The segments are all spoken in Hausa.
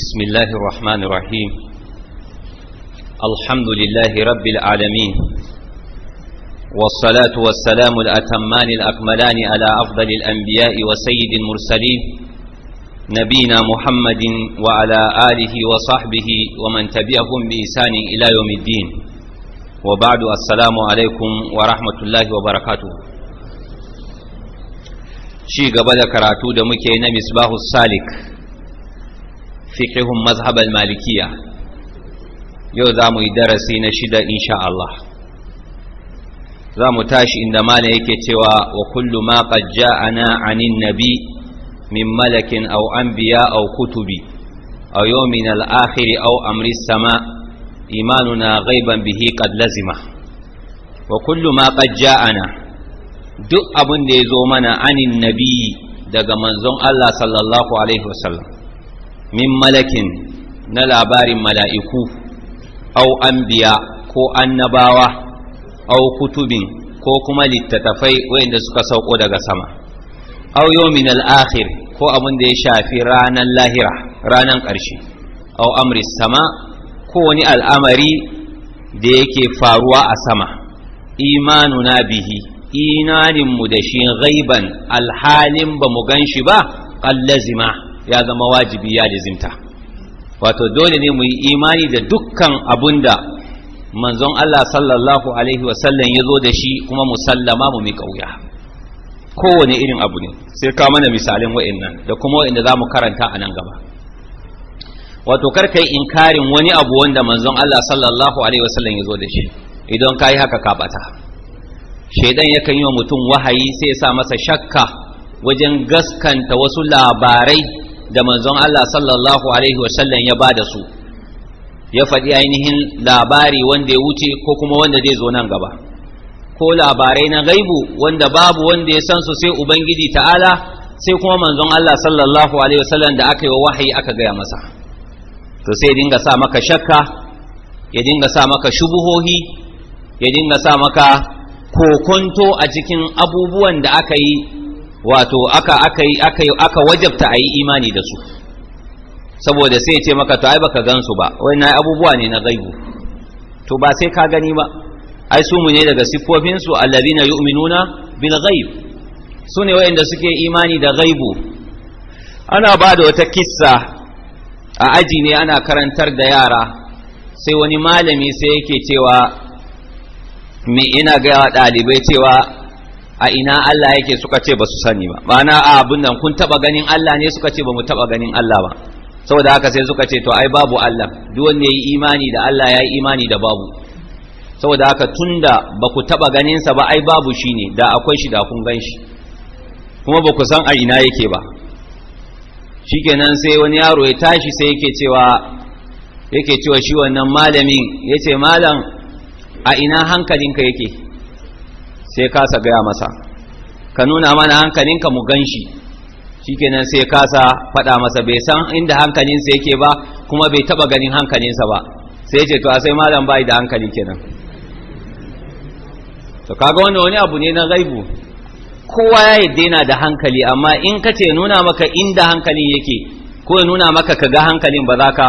بسم الله الرحمن الرحيم الحمد لله رب العالمين والصلاة والسلام الأتمان الأكملان على أفضل الأنبياء وسيد المرسلين نبينا محمد وعلى آله وصحبه ومن تبعهم بإسان إلى يوم الدين وبعد السلام عليكم ورحمة الله وبركاته شيء قبل كراتو دمكي نمسباه السالك fiqihun mazhabal malikiya yau za mu yi darasi na shida insha Allah za mu tashi inda mala yake cewa wa kullu ma qad ja'ana anin nabi min malakin aw anbiya aw kutubi aw yawmin al-akhir aw amri sama imanuna ghaiban bihi qad lazima wa kullu ma qad ja'ana duk abin da ya zo mana anin nabi daga manzon Allah sallallahu alaihi wasallam min malakin na labarin mala'iku au anbiya ko annabawa au kutubin ko kuma littattafai wayanda suka sauko daga sama au yawmin al'akhir ko abin da ya shafi ranan lahira ranan ƙarshe au amris sama ko wani al'amari da yake faruwa a sama na bihi inaninmu da shi ghaiban alhalin ba mu gan shi ba ƙallazima ya zama wajibi ya lizimta wato dole ne mu yi imani da dukkan abun da manzon Allah sallallahu alaihi wasallam ya zo da shi kuma musallama mu miƙa wuya kowane irin abu ne sai ka mana misalin nan da kuma da za mu karanta a nan gaba wato karka yi inkarin wani abu wanda manzon Allah sallallahu alaihi wasallam ya zo da shi idan ka yi haka ka bata shaidan yakan yi wa mutum wahayi sai ya sa masa shakka wajen gaskanta wasu labarai da manzon Allah sallallahu alaihi wasallam ya ba da su ya faɗi ainihin labari wanda ya wuce ko kuma wanda zai zo nan gaba ko labarai na gaibu wanda babu wanda ya san su sai ubangiji ta'ala sai kuma manzon Allah sallallahu alaihi wasallam da aka yi wa wahayi aka gaya masa to sai ya dinga sa maka shakka ya dinga sa maka shubuhohi ya dinga sa maka kokonto a cikin abubuwan da aka yi wato aka aka aka aka wajabta ayi imani da su saboda sai ce maka to ai baka gansu ba wannan abubuwa ne na gaibu to ba sai ka gani ba ai su mu ne daga sifofin su allazina yu'minuna bil ghaib su ne suke imani da gaibu ana ba da wata kissa a aji ne ana karantar da yara sai wani malami sai yake cewa me ina ga ɗalibai cewa a ina Allah yake suka ce ba su sani ba ma'ana a abin nan kun taba ganin Allah ne suka ce ba mu taba ganin Allah ba saboda haka sai suka ce to ai babu Allah duk wanda yayi imani da Allah yayi imani da babu saboda haka tunda ba ku taba ganin sa ba ai babu shine da akwai shi da kun gan shi kuma ba ku san a ina yake ba shikenan sai wani yaro ya tashi sai yake cewa yake cewa shi wannan malamin yace malam a ina hankalinka yake sai kasa gaya masa ka nuna mana hankalinka mu gan shi shikenan sai kasa faɗa masa bai san inda hankalinsa yake ba kuma bai taɓa ganin hankalinsa ba sai ce to a sai malam bai da hankali kenan to kaga wannan wani abu ne na gaibu kowa ya yadda yana da hankali amma in ka ce nuna maka inda hankalin yake ko ya nuna maka ka ga hankalin ba za ka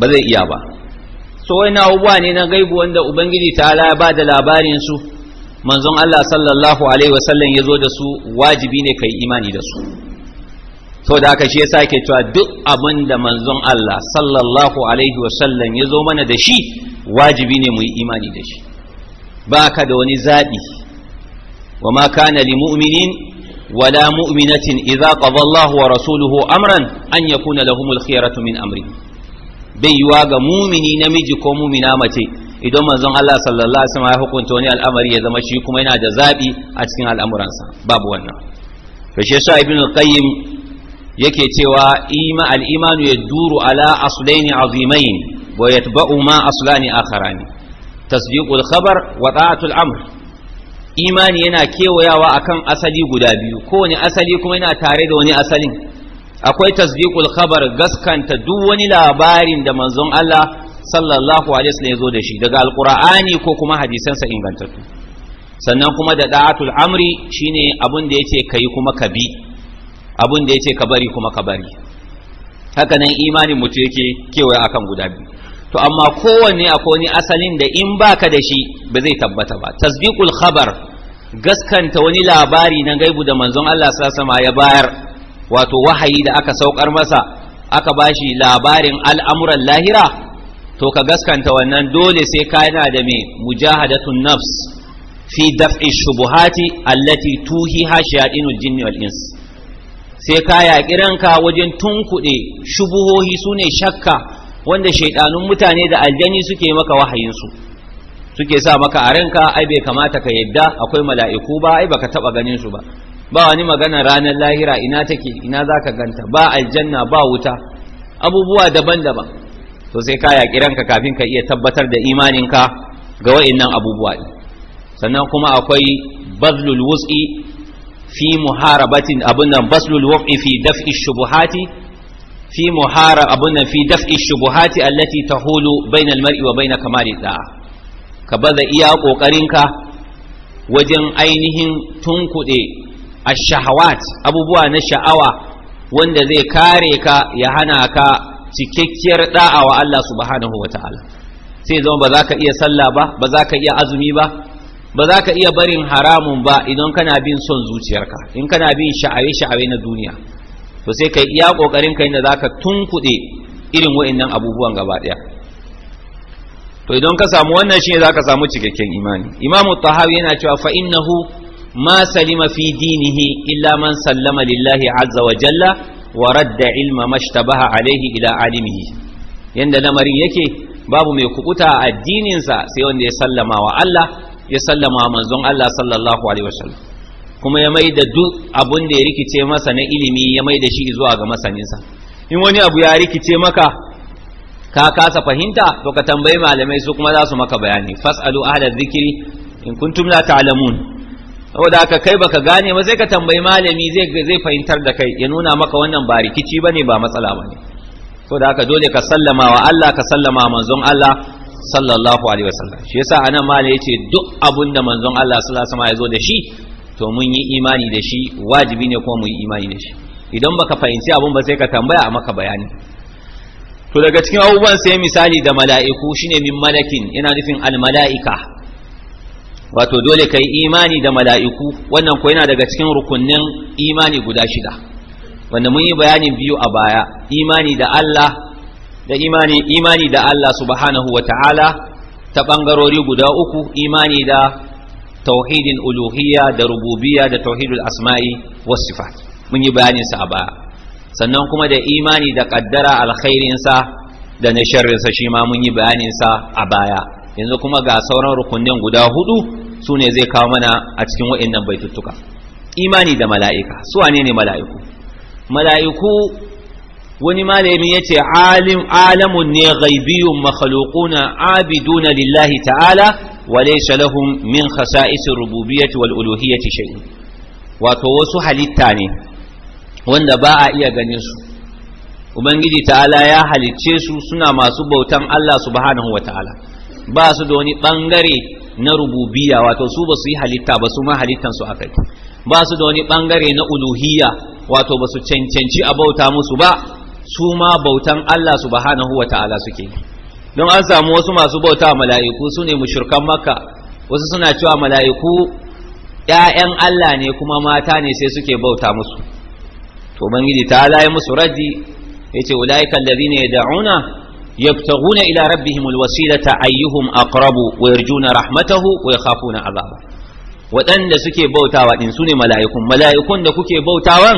ba zai iya ba so wani abubuwa ne na gaibu wanda ubangiji ta ya ba da labarin su manzon Allah sallallahu alaihi wasallam ya zo da su wajibi ne kai imani da su to da aka shi ya ke cewa duk abin da manzon Allah sallallahu alaihi wasallam ya zo mana da shi wajibi ne mu yi imani da shi ba ka da wani zaɓi wa ma kana li mu'minin wala mu'minatin idza qada Allahu wa rasuluhu amran an yakuna lahumul khiyaratu min amri bai yiwa ga mumini namiji ko mumina mace idan manzon Allah sallallahu alaihi wasallam ya hukunta wani al'amari ya zama shi kuma yana da zabi a cikin al'amuransa babu wannan to shi yasa ibnu qayyim yake cewa ima al-imanu yaduru ala aslaini azimain wa yatba'u ma aslani akharani tasdiqul khabar wa ta'atul amr imani yana kewayawa akan asali guda biyu kowane asali kuma yana tare da wani asalin akwai tasdiqul khabar gaskanta duk wani labarin da manzon Allah sallallahu alaihi wasallam ya da shi daga alqur'ani ko kuma hadisansa ingantattu sannan kuma da da'atul amri shine abun da yace kai kuma ka bi abun da yace ka bari kuma ka bari haka nan imanin mutu yake kewaye akan guda biyu to amma kowanne akwai wani asalin da in baka da shi ba zai tabbata ba tasdiqul khabar gaskanta wani labari na gaibu da manzon Allah sallallahu alaihi ya bayar wato wahayi da aka saukar masa aka bashi labarin al'amuran lahira to ka gaskanta wannan dole sai kana da me mujahadatun nafs fi daf'i shubuhati allati tuhi shayatinul jinni wal ins sai ka yaƙi ranka wajen tunkuɗe shubuhohi sune shakka wanda shaidanun mutane da aljani suke maka wahayinsu suke sa maka a ranka ai bai kamata ka yadda akwai mala'iku ba ai baka taba ganin su ba ba wani magana ranar lahira ina take ina zaka ganta ba aljanna ba wuta abubuwa daban-daban to sai ka yaƙi ranka kafin ka iya tabbatar da imaninka ga wa'innan abubuwa sannan kuma akwai bazlul wus'i fi muharabatin abun bazlul wus'i fi daf'i shubuhati fi muhara abun nan fi daf'i shubuhati allati tahulu bainal mar'i wa bain kamali da'a ka baza iya kokarinka wajen ainihin tunkuɗe shahawat abubuwa na sha'awa wanda zai kare ka ya hana ka cikakkiyar da'a wa Allah subhanahu wataala sai zama ba za ka iya sallah ba ba za ka iya azumi ba ba za ka iya barin haramun ba idan kana bin son zuciyarka in kana bin sha'awe-sha'awe na duniya to sai ka iya kokarin ka inda zaka tunkuɗe irin wa'annan abubuwan gaba ɗaya to idan ka samu wannan shine zaka samu cikakken imani imamu tahawi yana cewa fa innahu ma salima fi dinihi illa man sallama lillahi azza wa jalla ورد علم ilma mashtabaha alaihi ila alimihi yanda lamarin yake babu mai kukuta a addininsa sai wanda ya sallama wa Allah ya sallama manzon Allah sallallahu alaihi wasallam kuma ya maida duk abun da ya rikice masa na ilimi ya maida shi zuwa ga masanin sa in wani abu ya rikice maka ka kasa fahimta to ka tambayi malamai su kuma za su maka bayani fasalu ahla dhikri in kuntum la ta'lamun saboda haka kai baka gane ba sai ka tambayi malami zai zai fahimtar da kai ya nuna maka wannan ba rikici bane ba matsala bane saboda haka dole ka sallama wa Allah ka sallama manzon Allah sallallahu alaihi wasallam shi yasa anan malami yace duk abun da manzon Allah sallallahu alaihi wasallam ya zo da shi to mun yi imani da shi wajibi ne kuma mu yi imani da shi idan baka fahimci abun ba sai ka tambaya a maka bayani to daga cikin abubuwan sai misali da mala'iku shine min malakin yana nufin al mala'ika wato dole ka yi imani da mala'iku wannan ko yana daga cikin rukunin imani guda shida wanda mun yi bayanin biyu a baya imani da Allah da imani imani da Allah subhanahu wata'ala ta bangarori guda uku imani da tauhidin uluhiyya da rububiyya da tauhidul asma'i was sifat mun yi bayanin sa a baya sannan kuma da imani da ƙaddara alkhairinsa da na sa shi ma mun yi bayanin sa a baya yanzu kuma ga sauran rukunin guda hudu su ne zai kawo mana a cikin waɗannan baituttuka imani da mala'ika su wane ne mala'iku mala'iku wani malami ya ce alamun ne ghaibiyun abidu abiduna lillahi ta'ala wa laysa min min khasa'isir rububiyyati wal uluhiyyati shay'un wato wasu halitta ne wanda ba a iya ganin su ubangiji ta'ala ya halicce su suna masu bautan Allah subhanahu wa ta'ala ba su da wani bangare na rububiya wato su ba su yi halitta ba su ma halittan su yi ba su da wani bangare na uluhiyya wato ba su cancanci a bauta musu ba su ma bautan Allah subhanahu wa ta'ala suke don an samu wasu masu bauta mala'iku su ne mushrikan makka wasu suna cewa mala'iku ‘ya'yan Allah ne kuma mata ne sai suke bauta musu to bangiji ta yi musu raddi ya ce ula'ikan da يبتغون ila ربهم الوسيلة أيهم أقرب ويرجون رحمته rahmatahu عذابه yakhafuna azaba waɗanda suke bautawa din sune mala'ikun mala'ikun da kuke bautawan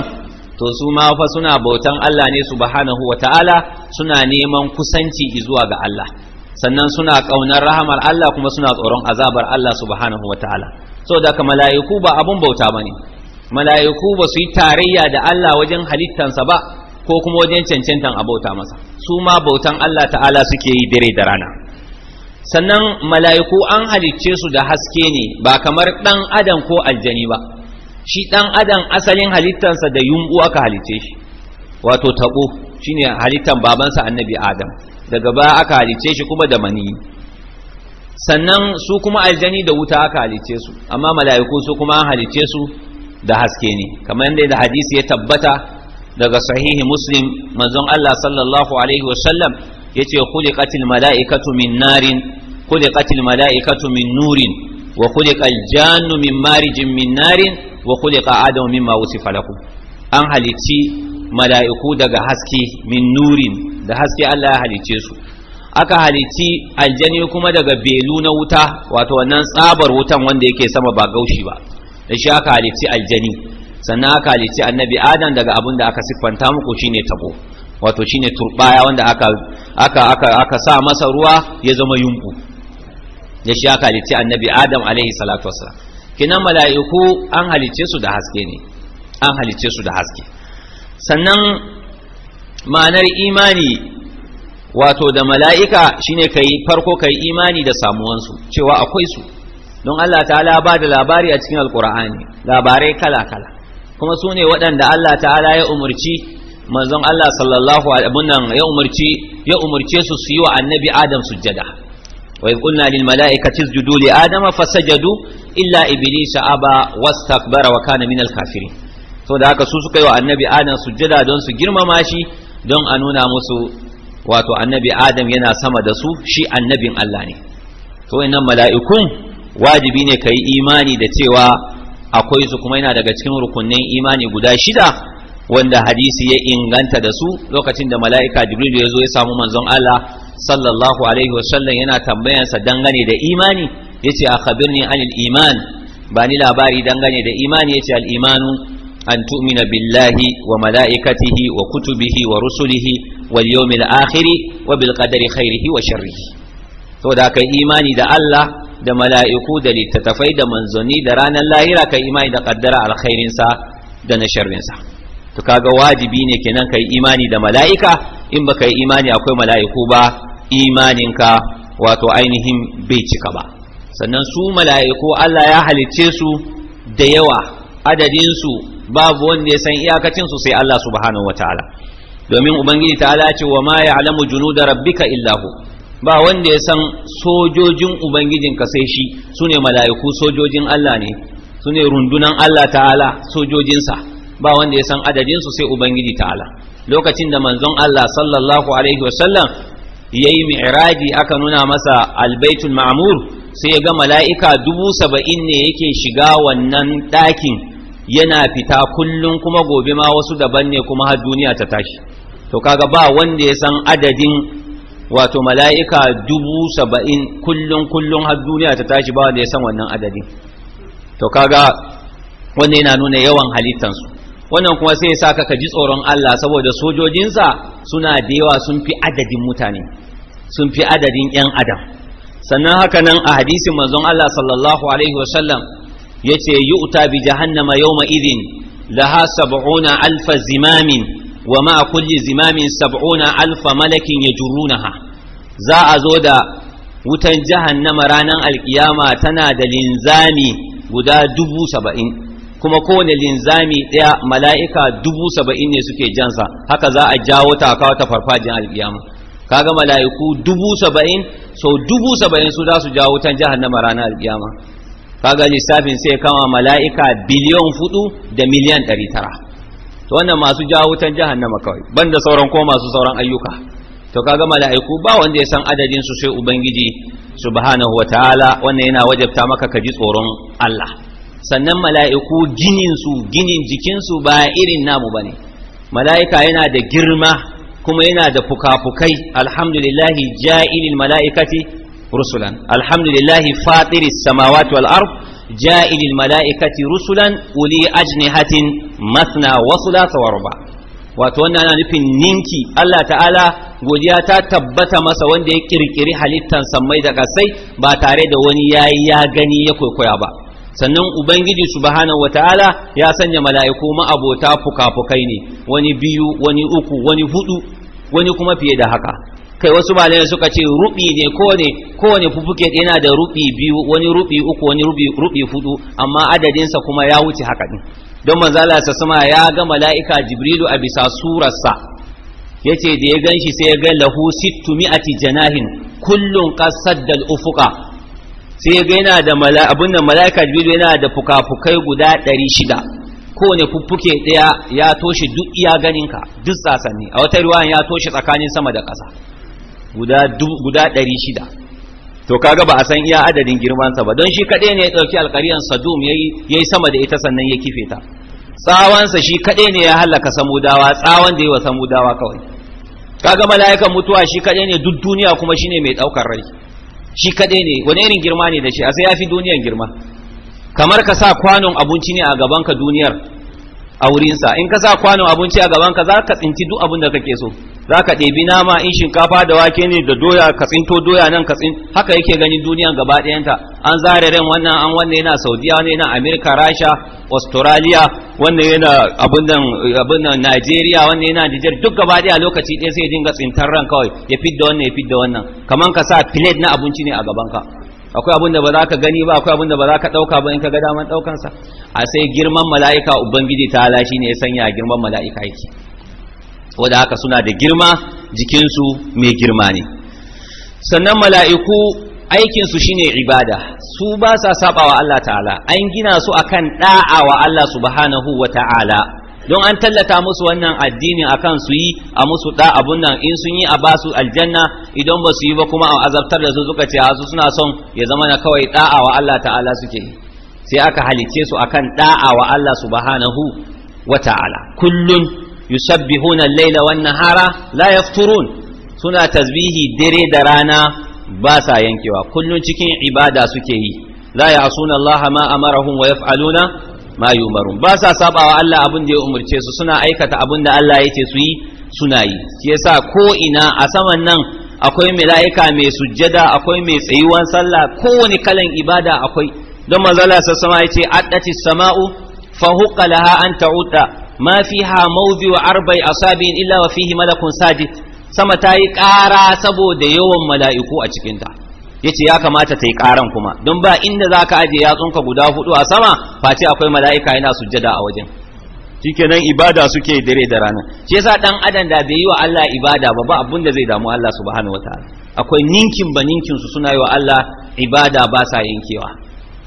to su ma fa suna bautan Allah ne subhanahu ta'ala, suna neman kusanci zuwa ga Allah sannan suna kaunar rahamar Allah kuma suna tsoron azabar Allah subhanahu so da ka mala'iku ba abun bauta bane mala'iku ba su yi tarayya da Allah wajen halittansa ba ko kuma wajen cancantan a bauta masa su ma bautan Allah ta'ala suke yi dare da rana sannan mala'iku an halicce su da haske ne ba kamar ɗan adam ko aljani ba shi ɗan adam asalin halittansa da yumbu aka halicce shi wato taɓo shine halittan babansa annabi adam daga ba aka halicce shi kuma da mani sannan su kuma aljani da wuta aka halicce su amma mala'iku su kuma an halicce su da haske ne kamar yadda hadisi ya tabbata daga sahihi muslim manzon Allah sallallahu alaihi wasallam yace khuliqatil mala'ikatu min narin khuliqatil mala'ikatu min nurin wa khuliqal jannu min marijin min narin wa khuliqa adamu mimma wusifa lakum an halici mala'iku daga haske min nurin da haske Allah ya halice su aka halici aljani kuma daga belu na wuta wato wannan tsabar wutan wanda yake sama ba gaushi ba da shi aka halici aljani sannan aka halicci annabi adam daga abin da aka siffanta muku shine tabo wato shine turbaya wanda aka aka aka aka sa masa ruwa ya zama yunku da shi aka halici annabi adam alaihi salatu wassalam kinan mala'iku an halice su da haske ne an halice su da haske sannan ma'anar imani wato da mala'ika shine kai farko kai imani da samuwansu cewa akwai su don Allah ta'ala ba da labari a cikin alkur'ani labarai kala-kala kuma su ne waɗanda Allah ta'ala ya umarci, manzon Allah sallallahu alaihi nan ya umurci ya su su yi wa annabi Adam sujjada wa idh qulna lil mala'ikati isjudu li adama fasajadu illa iblisa aba wastakbara wa kana min al kafirin da haka su suka yi wa annabi Adam sujjada don su girmama shi don a nuna musu wato annabi Adam yana sama da su shi annabin Allah ne to innan mala'ikun wajibi ne kai imani da cewa akwai su kuma yana daga cikin rukunnin imani guda shida wanda hadisi ya inganta da su lokacin da mala'ika jibril ya zo ya samu manzon Allah sallallahu alaihi wasallam yana tambayansa dangane da imani yace akhbirni anil iman ba ni labari dangane da imani yace al imanu an tu'mina billahi wa mala'ikatihi wa kutubihi wa rusulihi wal yawmil akhir wa bil qadari khairihi wa sharrihi saboda kai imani da Allah da mala'iku da littattafai da manzoni da ranar lahira kai imani da kaddara alkhairinsa da na sharrinsa to kaga wajibi ne kenan ka yi imani da mala'ika in baka yi imani akwai mala'iku ba imaninka wato ainihin bai cika ba sannan su mala'iku Allah ya halicce su da yawa adadinsu babu wanda ya san iyakacinsu sai Allah subhanahu wataala domin ubangiji ta'ala ce wa ma da rabbi rabbika illahu ba wanda ya san sojojin ubangijin ka sai shi su ne mala'iku sojojin Allah ne su ne rundunan Allah ta'ala sojojinsa ba wanda ya san su sai ubangiji ta'ala lokacin da manzon Allah sallallahu alaihi wasallam ya yi mi'raji aka nuna masa albaitul ma'mur sai ya ga mala'ika dubu saba'in ne yake shiga wannan ɗakin yana fita kullum kuma gobe ma wasu daban ne kuma har duniya ta tashi to kaga ba wanda ya san adadin wato mala'ika dubu saba'in kullum kullum har duniya ta tashi ba wanda ya san wannan adadin to kaga wanda yana nuna yawan halittansu wannan kuma sai ya saka ka ji tsoron Allah saboda sojojinsa suna da yawa sun fi adadin mutane sun fi adadin 'yan adam sannan haka nan a hadisin manzon Allah sallallahu alaihi wasallam yace yu'ta bi jahannama yau idhin laha sab'una alfa zimamin wa ma'a kulli zimamin sab'una alfa malakin yajrunaha za a zo da wutan jahannama ranar alkiyama tana da linzami guda dubu saba'in kuma kowane linzami ɗaya mala'ika dubu saba'in ne suke jansa haka za a jawo ta kawo ta farfajin alkiyama kaga mala'iku dubu saba'in sau dubu saba'in su za su jawo wutan jahannama ranar alkiyama kaga lissafin sai kama mala'ika biliyon fudu da miliyan ɗari tara to wannan masu jawo wutan jahannama kawai banda sauran ko masu sauran ayyuka to kaga mala'iku ba wanda ya san adadin su sai ubangiji subhanahu wataala wannan yana wajabta maka ka ji tsoron Allah sannan mala'iku ginin su ginin jikin su ba irin namu bane mala'ika yana da girma kuma yana da fukafukai alhamdulillah ja'ilil mala'ikati rusulan alhamdulillah fatiris samawati wal ardh جائل الملائكة رسلا أولي أجنحة مثنى وثلاث وربع wato wannan ana nufin ninki Allah ta'ala godiya ta tabbata masa wanda ya kirkiri halittan sammai da kasai ba tare da wani yayi ya gani ya kwaikwaya ba sannan ubangiji subhanahu wataala ya sanya mala'iku ma'abota fuka-fukai ne wani biyu wani uku wani hudu wani kuma fiye da haka kai wasu malamai suka ce rubi ne ko ne fufuke yana da rubi biyu wani rubi uku wani rubi rubi hudu amma adadinsa kuma ya wuce haka din don Allah sa sama ya ga mala'ika jibrilu a bisa surarsa yace da ya ganshi sai ya ga lahu sittu mi'ati janahin kullun al ufuqa sai ya ga yana da abun nan mala'ika jibrilu yana da fukafukai guda 600 kowane fuffuke ɗaya ya toshe duk iya ganinka duk sasanni a wata ruwan ya toshe tsakanin sama da ƙasa guda ɗari shida to kaga ba a san iya adadin girmansa ba don shi kaɗai ne ya ɗauki alƙariyar sadum ya yi sama da ita sannan ya kife ta tsawansa shi kadai ne ya hallaka samudawa tsawan da yi wa samudawa kawai kaga mala'ikan mutuwa shi kaɗai ne duk duniya kuma shi ne mai ɗaukar rai shi kaɗai ne wani irin girma ne da shi a sai ya fi duniyan girma kamar ka sa kwanon abinci ne a gabanka duniyar a wurinsa in ka sa kwanon abinci a gaban ka za ka tsinci duk abin da kake so za ka ɗebi nama in shinkafa da wake ne da doya ka tsinto doya nan ka tsin haka yake ganin duniya gaba ɗayanta an zare ran wannan an wannan yana saudiya wannan yana amerika rasha australia wannan yana abin nan nigeria wannan yana niger duk gaba ɗaya lokaci ɗaya sai dinga tsintar ran kawai ya fidda wannan ya fidda wannan kaman ka sa plate na abinci ne a gaban ka akwai abin da ba za ka gani ba akwai abin da ba za ka ɗauka ba in ka ga daman ɗaukansa a sai girman mala'ika ubangiji ta ala shi ne ya sanya girman mala'ika yake wanda haka suna da girma jikinsu mai girma ne sannan mala'iku aikinsu shine ibada su ba sa saba wa Allah ta'ala an gina su akan da'a wa Allah subhanahu wa ta'ala don an tallata musu wannan addinin akan su yi a musu da abun nan in sun yi a basu aljanna idan ba su yi ba kuma a azabtar da su suka ce su suna son ya zama na kawai da'a wa Allah ta'ala suke sai aka halice su akan da'a wa Allah subhanahu wa ta'ala kullun yusabbihuna al-laila wan nahara la yafturun suna tasbihi dare da rana ba sa yankewa kullun cikin ibada suke yi la ya'suna Allah ma amarahum wa yaf'aluna ma yumarun ba sa sabawa Allah abin da ya umarce su suna aikata abin da Allah yake su yi suna yi shi yasa ko ina a saman nan akwai mala'ika mai sujjada akwai mai tsayuwan sallah kowane kalan ibada akwai don manzala sa sama yace addati sama'u fa huqa laha an ta'uda ma fiha wa arba'i asabin illa wa fihi malakun sajid sama ta yi ƙara saboda yawan mala'iku a cikinta yace ya kamata ta yi karan kuma don ba inda za ka ajiye yatsunka guda hudu a sama face akwai mala'ika yana sujjada a wajen shikenan ibada suke dare da rana shi yasa dan adam da bai yi wa Allah ibada ba ba abunda da zai damu Allah subhanahu wataala akwai ninkin ba ninkin su suna yi wa Allah ibada ba sa yankewa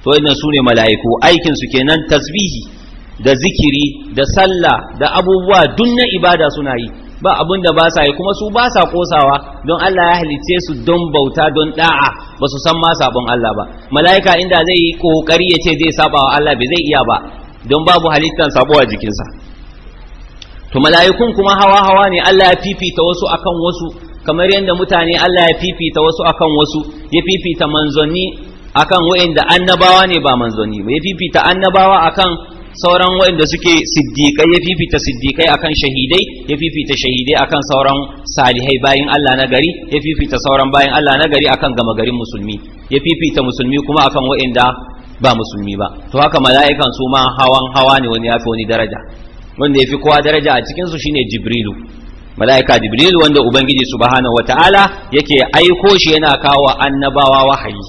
to wannan sune mala'iku aikin su kenan tasbihi da zikiri da sallah da abubuwa duk na ibada suna yi ba abin da ba sa yi kuma su ba sa kosawa don Allah ya halice su don bauta don da'a ba su san ma sabon Allah ba mala'ika inda zai yi kokari ya ce zai saba wa Allah bai zai iya ba don babu halittar sabo jikinsa to mala'ikun kuma hawa hawa ne Allah ya fifita wasu akan wasu kamar yadda mutane Allah ya fifita wasu akan wasu ya fifita manzanni akan wa'inda annabawa ne ba manzanni ba ya fifita annabawa akan sauran waɗanda suke siddiƙai ya fifita siddiƙai akan shahidai ya fifita shahidai akan sauran salihai bayan Allah na gari ya fifita sauran bayan Allah na gari akan gama garin musulmi ya fifita musulmi kuma akan waɗanda ba musulmi ba to haka mala'ikan su ma hawan hawa ne wani ya fi wani daraja wanda ya fi kowa daraja a cikin su shine jibrilu mala'ika jibrilu wanda ubangiji subhanahu wata'ala yake aiko shi yana kawo annabawa wahayi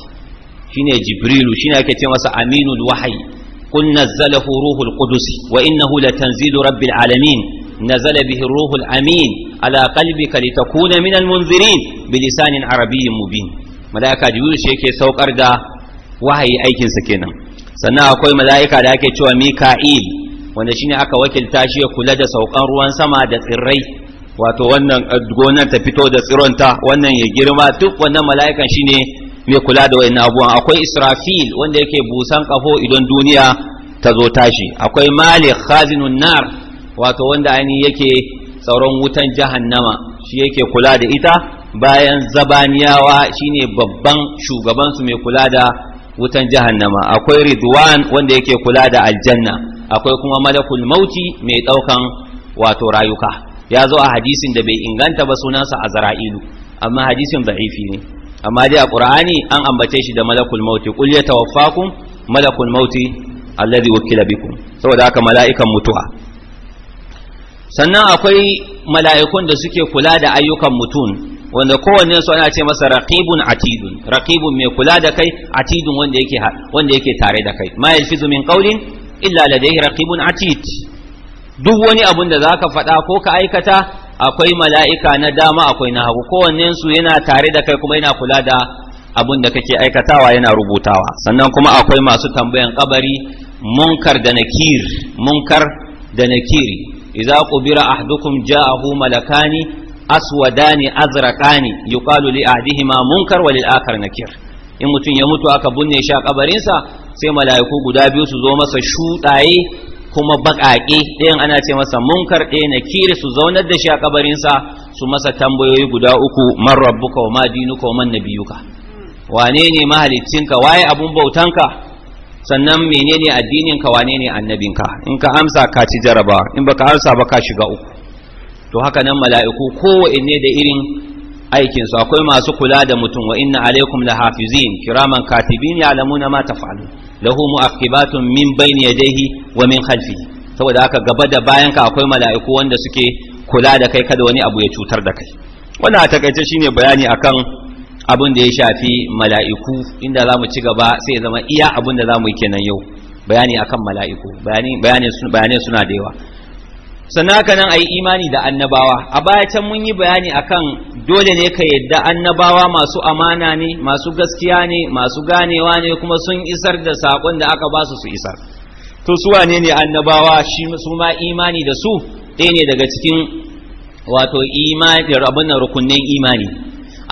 shine jibrilu shine ake ce masa aminul wahayi قل نزله روح القدس وإنه لتنزيل رب العالمين نزل به الروح الأمين على قلبك لتكون من المنذرين بلسان عربي مبين ملائكة جبريل شيكي سوق أردا وهي أيكن سكينا سنة أقول ملائكة لكي تشوى ميكائيل wanda shine aka wakilta shi ya kula da saukan ruwan sama da tsirrai wato wannan gonar ta fito da tsironta wannan ya girma duk wannan mala'ikan shine mai kula da wayannan abubuwan akwai israfil wanda yake busan kafo idan duniya ta zo tashi akwai malik khazinun nar wato wanda ainihin yake tsaron wutan nama shi yake kula da ita bayan zabaniyawa shine babban shugabansu mai kula da wutan nama akwai ridwan wanda yake kula da aljanna akwai kuma malakul mauti mai daukan wato rayuka ya zo a hadisin da bai inganta ba sunansa azra'ilu amma hadisin ba'ifi ne amma dai a qur'ani an ambace shi da malakul mauti qul yatawaffakum malakul mauti allazi wukila bikum saboda haka mala'ikan mutuwa sannan akwai mala'ikun da suke kula da ayyukan mutum wanda kowanne su ana ce masa raqibun atidun raqibun mai kula da kai atidun wanda yake wanda yake tare da kai ma yalfizu min qawlin illa ladayhi raqibun atid duk wani abun da zaka faɗa ko ka aikata akwai mala'ika na dama akwai na hagu kowanne su yana tare da kai kuma yana kula da abun da kake aikatawa yana rubutawa sannan kuma akwai masu tambayan kabari munkar da nakir munkar da nakiri idza qubira ahdukum ja'ahu malakani aswadani azraqani yuqalu li ahdihima munkar wa lil akhar nakir in mutum ya mutu aka binne shi a kabarinsa sai mala'iku guda biyu su zo masa shuɗaye kuma baƙaƙe ɗayan ana ce masa munkar ɗaya na kiri su zaunar da shi a kabarinsa su masa tambayoyi guda uku man rabbuka wa ma wa man nabiyuka wane ne mahaliccinka waye abun bautanka sannan menene addininka wane ne annabinka in ka amsa ka ci jaraba in baka amsa ba ka shiga uku to haka nan mala'iku kowa ne da irin aikin su akwai masu kula da mutum wa inna alaikum hafizin kiraman katibin ya'lamuna ma taf'alun lahu mu'aqibatun min bayni yadayhi wa min khalfihi saboda haka gaba da bayan ka akwai mala'iku wanda suke kula da kai kada wani abu ya cutar da kai wannan a takaice shine bayani akan abin da ya shafi mala'iku inda za ci gaba sai ya zama iya abin da za yi kenan yau bayani akan mala'iku bayani bayani suna da yawa sannan haka nan a yi imani da annabawa a baya can mun yi bayani akan dole ne ka yadda annabawa masu amana ne masu gaskiya ne masu ganewa ne kuma sun isar da saƙon da aka ba su su isar to su wane ne annabawa shi su ma imani da su ɗaya ne daga cikin wato imani abin rukunnin imani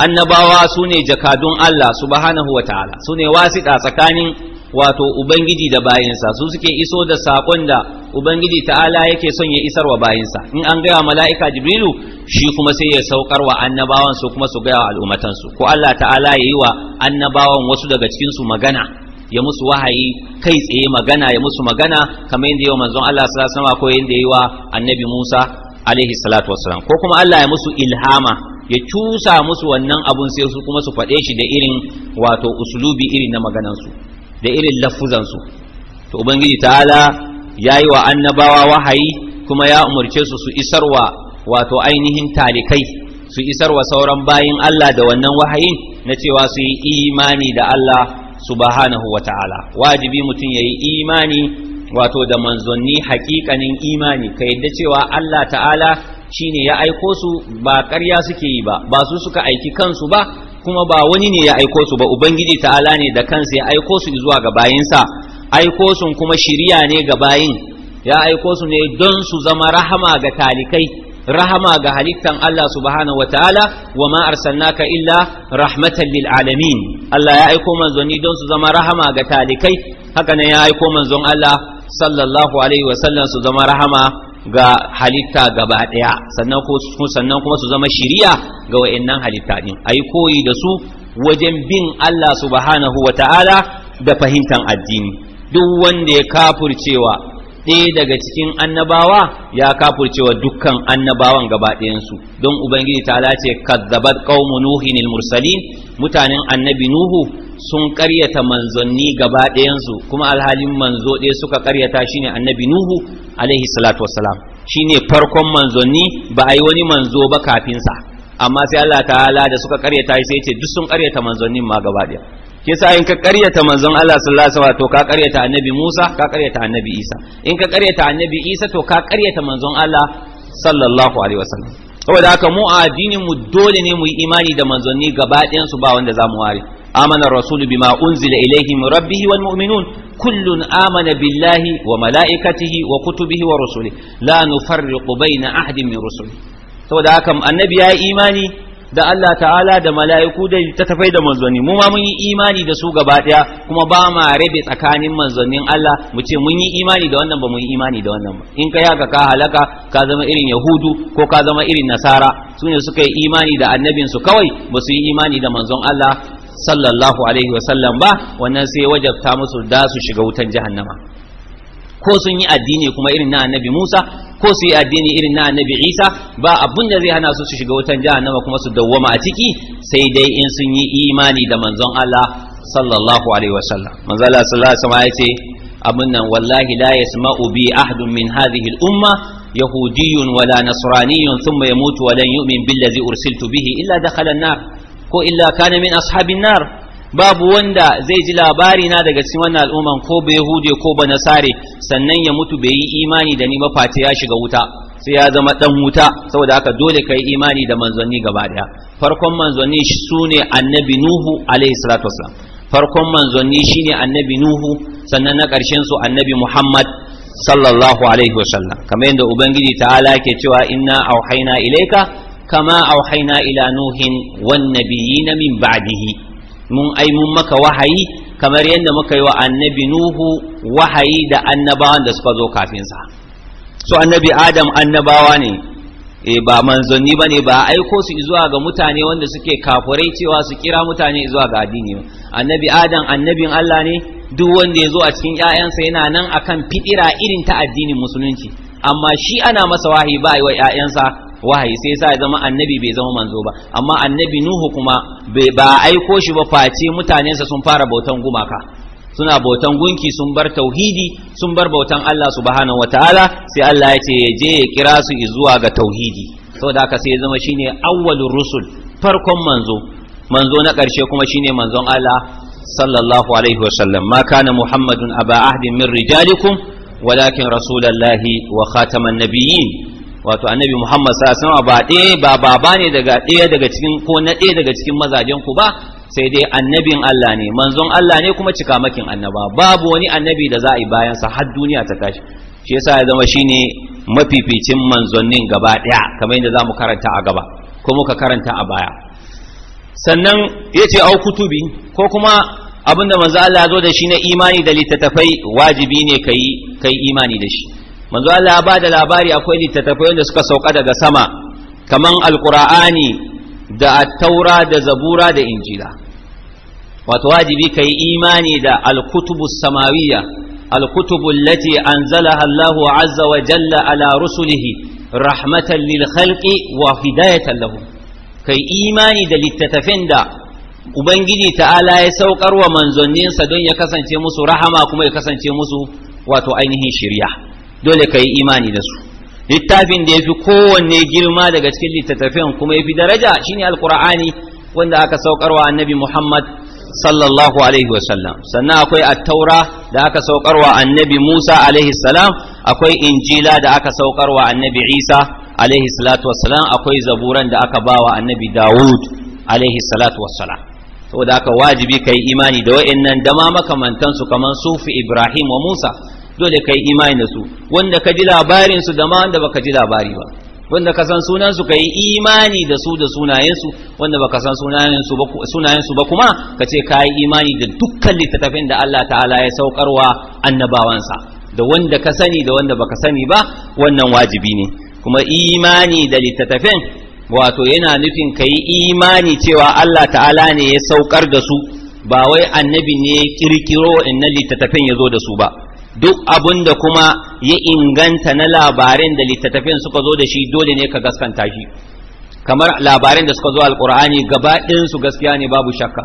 annabawa su ne jakadun Allah subhanahu wataala su ne wasiɗa tsakanin wato ubangiji da bayinsa su suke iso da saƙon da ubangiji ta'ala yake son ya isar wa bayinsa in an gaya mala'ika jibrilu shi kuma sai ya saukar wa annabawan su kuma su gaya wa al'ummatansu su ko Allah ta'ala ya yi wa annabawan wasu daga cikin su magana ya musu wahayi kai tsaye magana ya musu magana kamar yadda yawa manzon Allah sallallahu alaihi wasallam ko yadda yayi wa annabi Musa alaihi salatu wasallam ko kuma Allah ya musu ilhama ya cusa musu wannan abun sai su kuma su faɗe shi da irin wato usulubi irin na maganansu da irin lafuzansu to ubangiji ta'ala ya yi wa annabawa wahayi kuma ya umarce su su isarwa wato ainihin talikai su isarwa sauran bayin Allah da wannan wahayin na cewa su yi imani da Allah subhanahu wa ta'ala wajibi mutum ya yi imani wato da manzanni hakikanin imani ka yadda cewa Allah ta'ala shi ne ya aiko su ba ƙarya suke yi ba ba su suka aiki kansu ba kuma ba wani ne ya aiko su ba ubangiji ta'ala ne da kansa ya aiko su zuwa ga bayinsa aiko sun kuma shiriya ne ga bayin ya aiko su ne don su zama rahama ga talikai rahama ga halittan Allah subhanahu wa ta'ala wa ma arsalnaka illa rahmatan lil alamin Allah ya aiko manzoni don su zama rahama ga talikai haka ne ya aiko manzon Allah sallallahu alaihi wa sallam su zama rahama ga halitta gaba daya sannan sannan kuma su zama shiriya ga wayannan halitta din ayi koyi da su wajen bin Allah subhanahu wata'ala da fahimtan addini duk wanda ya kafurcewa ɗaya daga cikin annabawa ya kafurcewa dukkan annabawan gaba ɗayansu don ubangiji ta ce kazzabat qaumu nuhin mursalin mutanen annabi nuhu sun karyata manzanni gaba ɗayansu kuma alhalin manzo ɗaya suka ƙaryata shine annabi nuhu alaihi salatu Wasalam, shine farkon manzanni ba a yi wani manzo ba kafinsa amma sai Allah ta'ala da suka ƙaryata sai ce duk sun ƙaryata manzannin ma gaba ɗaya Kisa in ka karyata manzon Allah sallallahu alaihi wasallam to ka karyata annabi Musa ka karyata annabi Isa in ka karyata annabi Isa to ka karyata manzon Allah sallallahu alaihi wasallam saboda haka mu a addinin mu dole ne mu yi imani da manzonni gaba ɗayan su ba wanda zamu ware آمن الرسول rabbihi wal muminun kullun amana billahi wa آمن wa وملائكته وكتبه ورسله لا نفرق بين ahadin min rusuli saboda haka annabi ya yi imani da Allah ta'ala da mala'iku da tafai da manzanni mu ma mun yi imani da su gaba daya kuma ba ma rabe tsakanin manzannin Allah mu ce mun yi imani da wannan ba mun yi imani da wannan ba in ka yaka ka halaka ka zama irin yahudu ko ka zama irin nasara su ne suka yi imani da annabin su kawai ba su yi imani da manzon Allah sallallahu alaihi wasallam ba wannan sai wajabta musu da su shiga wutan jahannama ko sun yi addini kuma irin na annabi Musa ko su yi addini irin na annabi Isa ba abun da zai hana su su shiga wutan jahannama kuma su dawwama a ciki sai dai in sun yi imani da manzon Allah sallallahu alaihi wasallam manzon Allah sallallahu alaihi wasallam ce abun nan wallahi la yasma'u bi ahadun min hadhihi al-umma yahudiyyun wala nasraniyyun thumma yamutu wa lan yu'min billazi ursiltu bihi illa dakhala an-nar ko illa kana min ashabin nar babu wanda zai ji labari na daga cikin wannan al'umman ko ba yahude ko ba na nasare sannan ya mutu bai yi imani da ni ba face ya shiga wuta sai ya zama dan wuta saboda haka dole kai imani da manzanni gaba daya farkon manzanni ne annabi nuhu alaihi salatu wasalam farkon manzanni shine annabi nuhu sannan na karshen su annabi muhammad sallallahu alaihi wasallam kamar yadda ubangiji ta'ala ke cewa inna auhayna ilayka kama auhayna ila nuhin wan nabiyina min ba'dihi mun ai mun maka wahayi kamar yadda muka yi wa annabi nuhu wahayi da annabawan da suka zo kafin sa so annabi adam annabawa ne e ba manzanni bane ba aiko su zuwa ga mutane wanda suke kafurai cewa su kira mutane zuwa ga addini annabi adam annabin Allah ne duk wanda ya zo a cikin ƴaƴansa yana nan akan fitira irin ta addinin musulunci amma shi ana masa wahayi ba yi wa ƴaƴansa wahayi sai yasa zama annabi bai zama manzo ba amma annabi nuhu kuma ba aiko shi ba face mutanensa sun fara bautan gumaka suna bautan gunki sun bar tauhidi sun bar bautan Allah subhanahu wataala sai Allah ya ce je ya kira su zuwa ga tauhidi saboda haka sai ya zama shine awwalur rusul farkon manzo manzo na ƙarshe kuma shine manzon Allah sallallahu alaihi wasallam ma kana muhammadun aba ahdin min rijalikum walakin rasulallahi wa khataman nabiyyin wato annabi Muhammad sallallahu ba ɗaya ba baba ne daga ɗaya daga cikin ko na ɗaya daga cikin mazajen ku ba sai dai annabin Allah ne manzon Allah ne kuma cika cikamakin annaba babu wani annabi da za a yi bayan sa har duniya ta tashi shi yasa ya zama shine mafificin manzonnin gaba ɗaya kamar yadda zamu karanta a gaba ko muka karanta a baya sannan yace au kutubi ko kuma abinda manzo Allah ya zo da shi na imani da littattafai wajibi ne kai kai imani da shi manzo Allah ba da labari akwai littattafai wanda suka sauka daga sama kaman alqur'ani da at-taura da zabura da injila wato wajibi kai imani da al-kutubu samawiyya al-kutubu allati anzalaha Allah azza wa jalla ala rusulihi rahmatan lil khalqi wa hidayatan lahum kai imani da littattafin da Ubangiji ta'ala ya saukar wa manzanninsa don ya kasance musu rahama kuma ya kasance musu wato ainihin shirya. dole ka yi imani da su littafin da ya fi kowanne girma daga cikin littattafin kuma ya fi daraja shine alkur'ani wanda aka saukarwa annabi muhammad sallallahu alaihi wasallam sannan akwai attaura da aka saukarwa annabi musa alaihi salam akwai injila da aka saukarwa annabi isa alaihi salatu wassalam akwai zaburan da aka bawa annabi dawud alaihi salatu wassalam saboda aka wajibi kai imani da wa'annan dama ma makamantansu kaman sufi ibrahim wa musa dole kai imani da su wanda ka ji labarin su da ma wanda baka ji labari ba wanda ka san sunan su kai imani da su da sunayen su wanda baka san sunayen su ba sunayen su ba kuma ka ce kai imani da dukkan littafin da Allah ta'ala ya saukarwa annabawansa da wanda ka sani da wanda baka sani ba wannan wajibi ne kuma imani da littafin wato yana nufin kai imani cewa Allah ta'ala ne ya saukar da su ba wai annabi ne ya kirkiro inna littattafin ya zo da su ba duk abun da kuma ya inganta na labarin da littattafin suka zo da shi dole ne ka gaskanta shi kamar labarin da suka zo alkur'ani gaba su gaskiya ne babu shakka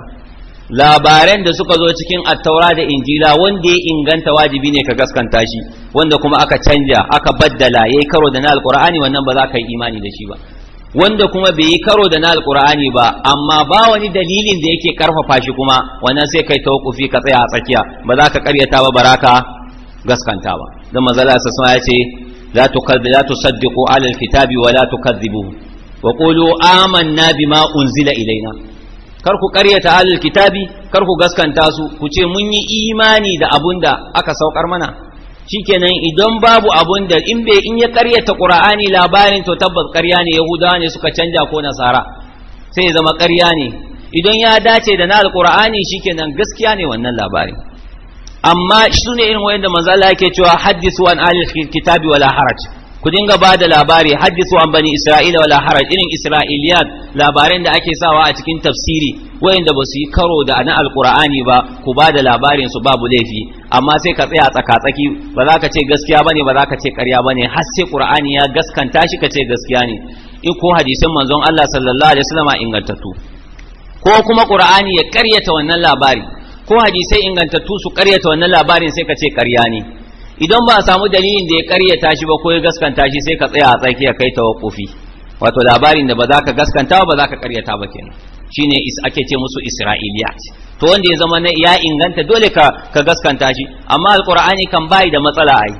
labaran da suka zo cikin attaura da injila wanda ya inganta wajibi ne ka gaskanta shi wanda kuma aka canja aka baddala yayi karo da na alkur'ani wannan ba za ka yi imani da shi ba wanda kuma bai yi karo da na alkur'ani ba amma ba wani dalilin da yake karfafa shi kuma wannan sai kai tawqufi ka tsaya a tsakiya ba za ka karyata ba baraka gaskantawa don manzala sa ya ce la tukadzi la tusaddiqu ala alkitabi wa la tukadzibu wa qulu amanna bima unzila ilaina kar ku karyata ala alkitabi kar ku gaskanta su ku ce mun yi imani da abunda aka saukar mana shikenan idan babu abun da in bai in ya karyata qur'ani labarin to tabbas qarya ne yahudawa ne suka canja ko nasara sai ya zama karya ne idan ya dace da na alqur'ani shikenan gaskiya ne wannan labarin amma su ne irin wayanda manzo Allah yake cewa hadithu an ahli kitabi wala haraj ku dinga ba da labari hadithu an bani isra'ila wala haraj irin isra'iliyat labaran da ake sawa a cikin tafsiri wayanda ba su yi karo da na alqur'ani ba ku ba da labarin su babu laifi amma sai ka tsaya tsakatsaki ba za ka ce gaskiya bane ba za ka ce ƙarya bane har sai qur'ani ya gaskanta shi ka ce gaskiya ne in ko hadisin manzon Allah sallallahu alaihi wasallam ingantattu ko kuma qur'ani ya ƙaryata wannan labari ko hadisai ingantattu su karyata wannan labarin sai ka ce karya ne idan ba a samu dalilin da ya karyata shi ba ko ya gaskanta shi sai ka tsaya a tsakiya kai tawakkufi wato labarin da ba za ka gaskanta ba za ka karyata ba kenan shine is ake ce musu isra'iliya to wanda ya zama na ya inganta dole ka ka gaskanta shi amma alqur'ani kan bai da matsala ai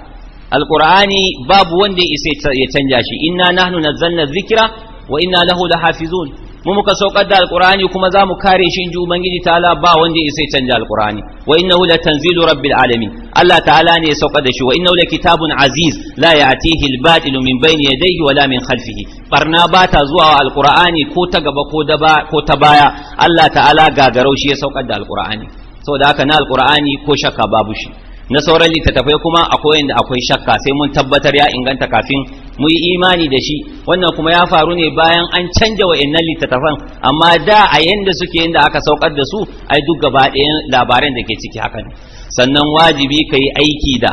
alqur'ani babu wanda ya isa ya canja shi inna nahnu nazzalna dhikra wa inna lahu lahafizun mu muka saukar da alkur'ani kuma zamu kare shi in ji ubangiji ta'ala ba wanda ya sai canja alkur'ani wa innahu la tanzilu rabbil alamin Allah ta'ala ne ya saukar da shi wa innahu la kitabun aziz la ya'tihi al-batil min bayni yadayhi wa la min khalfihi barna ba ta zuwa wa alqur'ani ko ta gaba ko da ba ko ta baya Allah ta'ala gagarau shi ya saukar da alkur'ani saboda haka na alkur'ani ko shakka babu shi na sauran littattafai kuma akwai yadda akwai shakka sai mun tabbatar ya inganta kafin mu yi imani da shi wannan kuma ya faru ne bayan an canja wa'annan littattafan amma da a yadda suke yadda aka saukar da su ai duk gaba ɗayan labaran da ke ciki haka ne sannan wajibi ka yi aiki da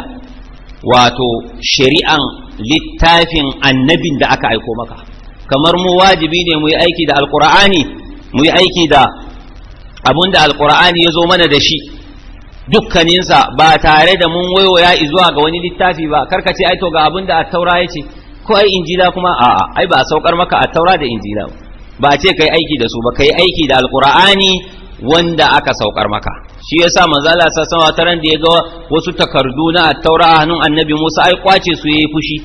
wato shari'an littafin annabin da aka aiko maka kamar mu wajibi ne mu yi aiki da alkur'ani mu yi aiki da abun da alkur'ani ya zo mana da shi dukkaninsa ba tare da mun waiwaya zuwa ga wani littafi ba karkace ai to ga abin da attaura ya ce ko ai injila kuma a'a ai ba saukar maka attaura da injila ba ce kai aiki da su ba kai aiki da alqur'ani wanda aka saukar maka shi yasa manzo Allah sallallahu alaihi wasallam da ya ga wasu takardu na attaura a hannun annabi Musa ai kwace su yayi fushi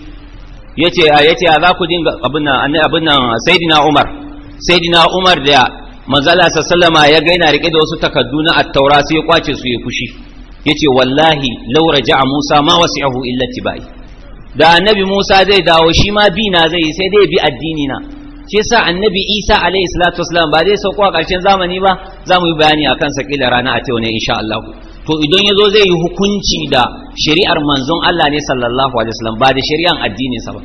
yace yace za ku dinga abin nan abin nan sayyidina Umar sayyidina Umar da manzala sallama ya gaina rike da wasu takaddu na at-taura sai ya kwace su ya fushi yace wallahi law raja'a Musa ma wasi'ahu illa tibai da annabi Musa zai dawo shi ma bi na zai sai dai bi addini na shi yasa annabi Isa alaihi salatu wasalam ba zai sauko a ƙarshen zamani ba za mu yi bayani akan sa kila rana a taune insha Allah to idan zo zai yi hukunci da shari'ar manzon Allah ne sallallahu alaihi wasallam ba da shari'an addinin sa ba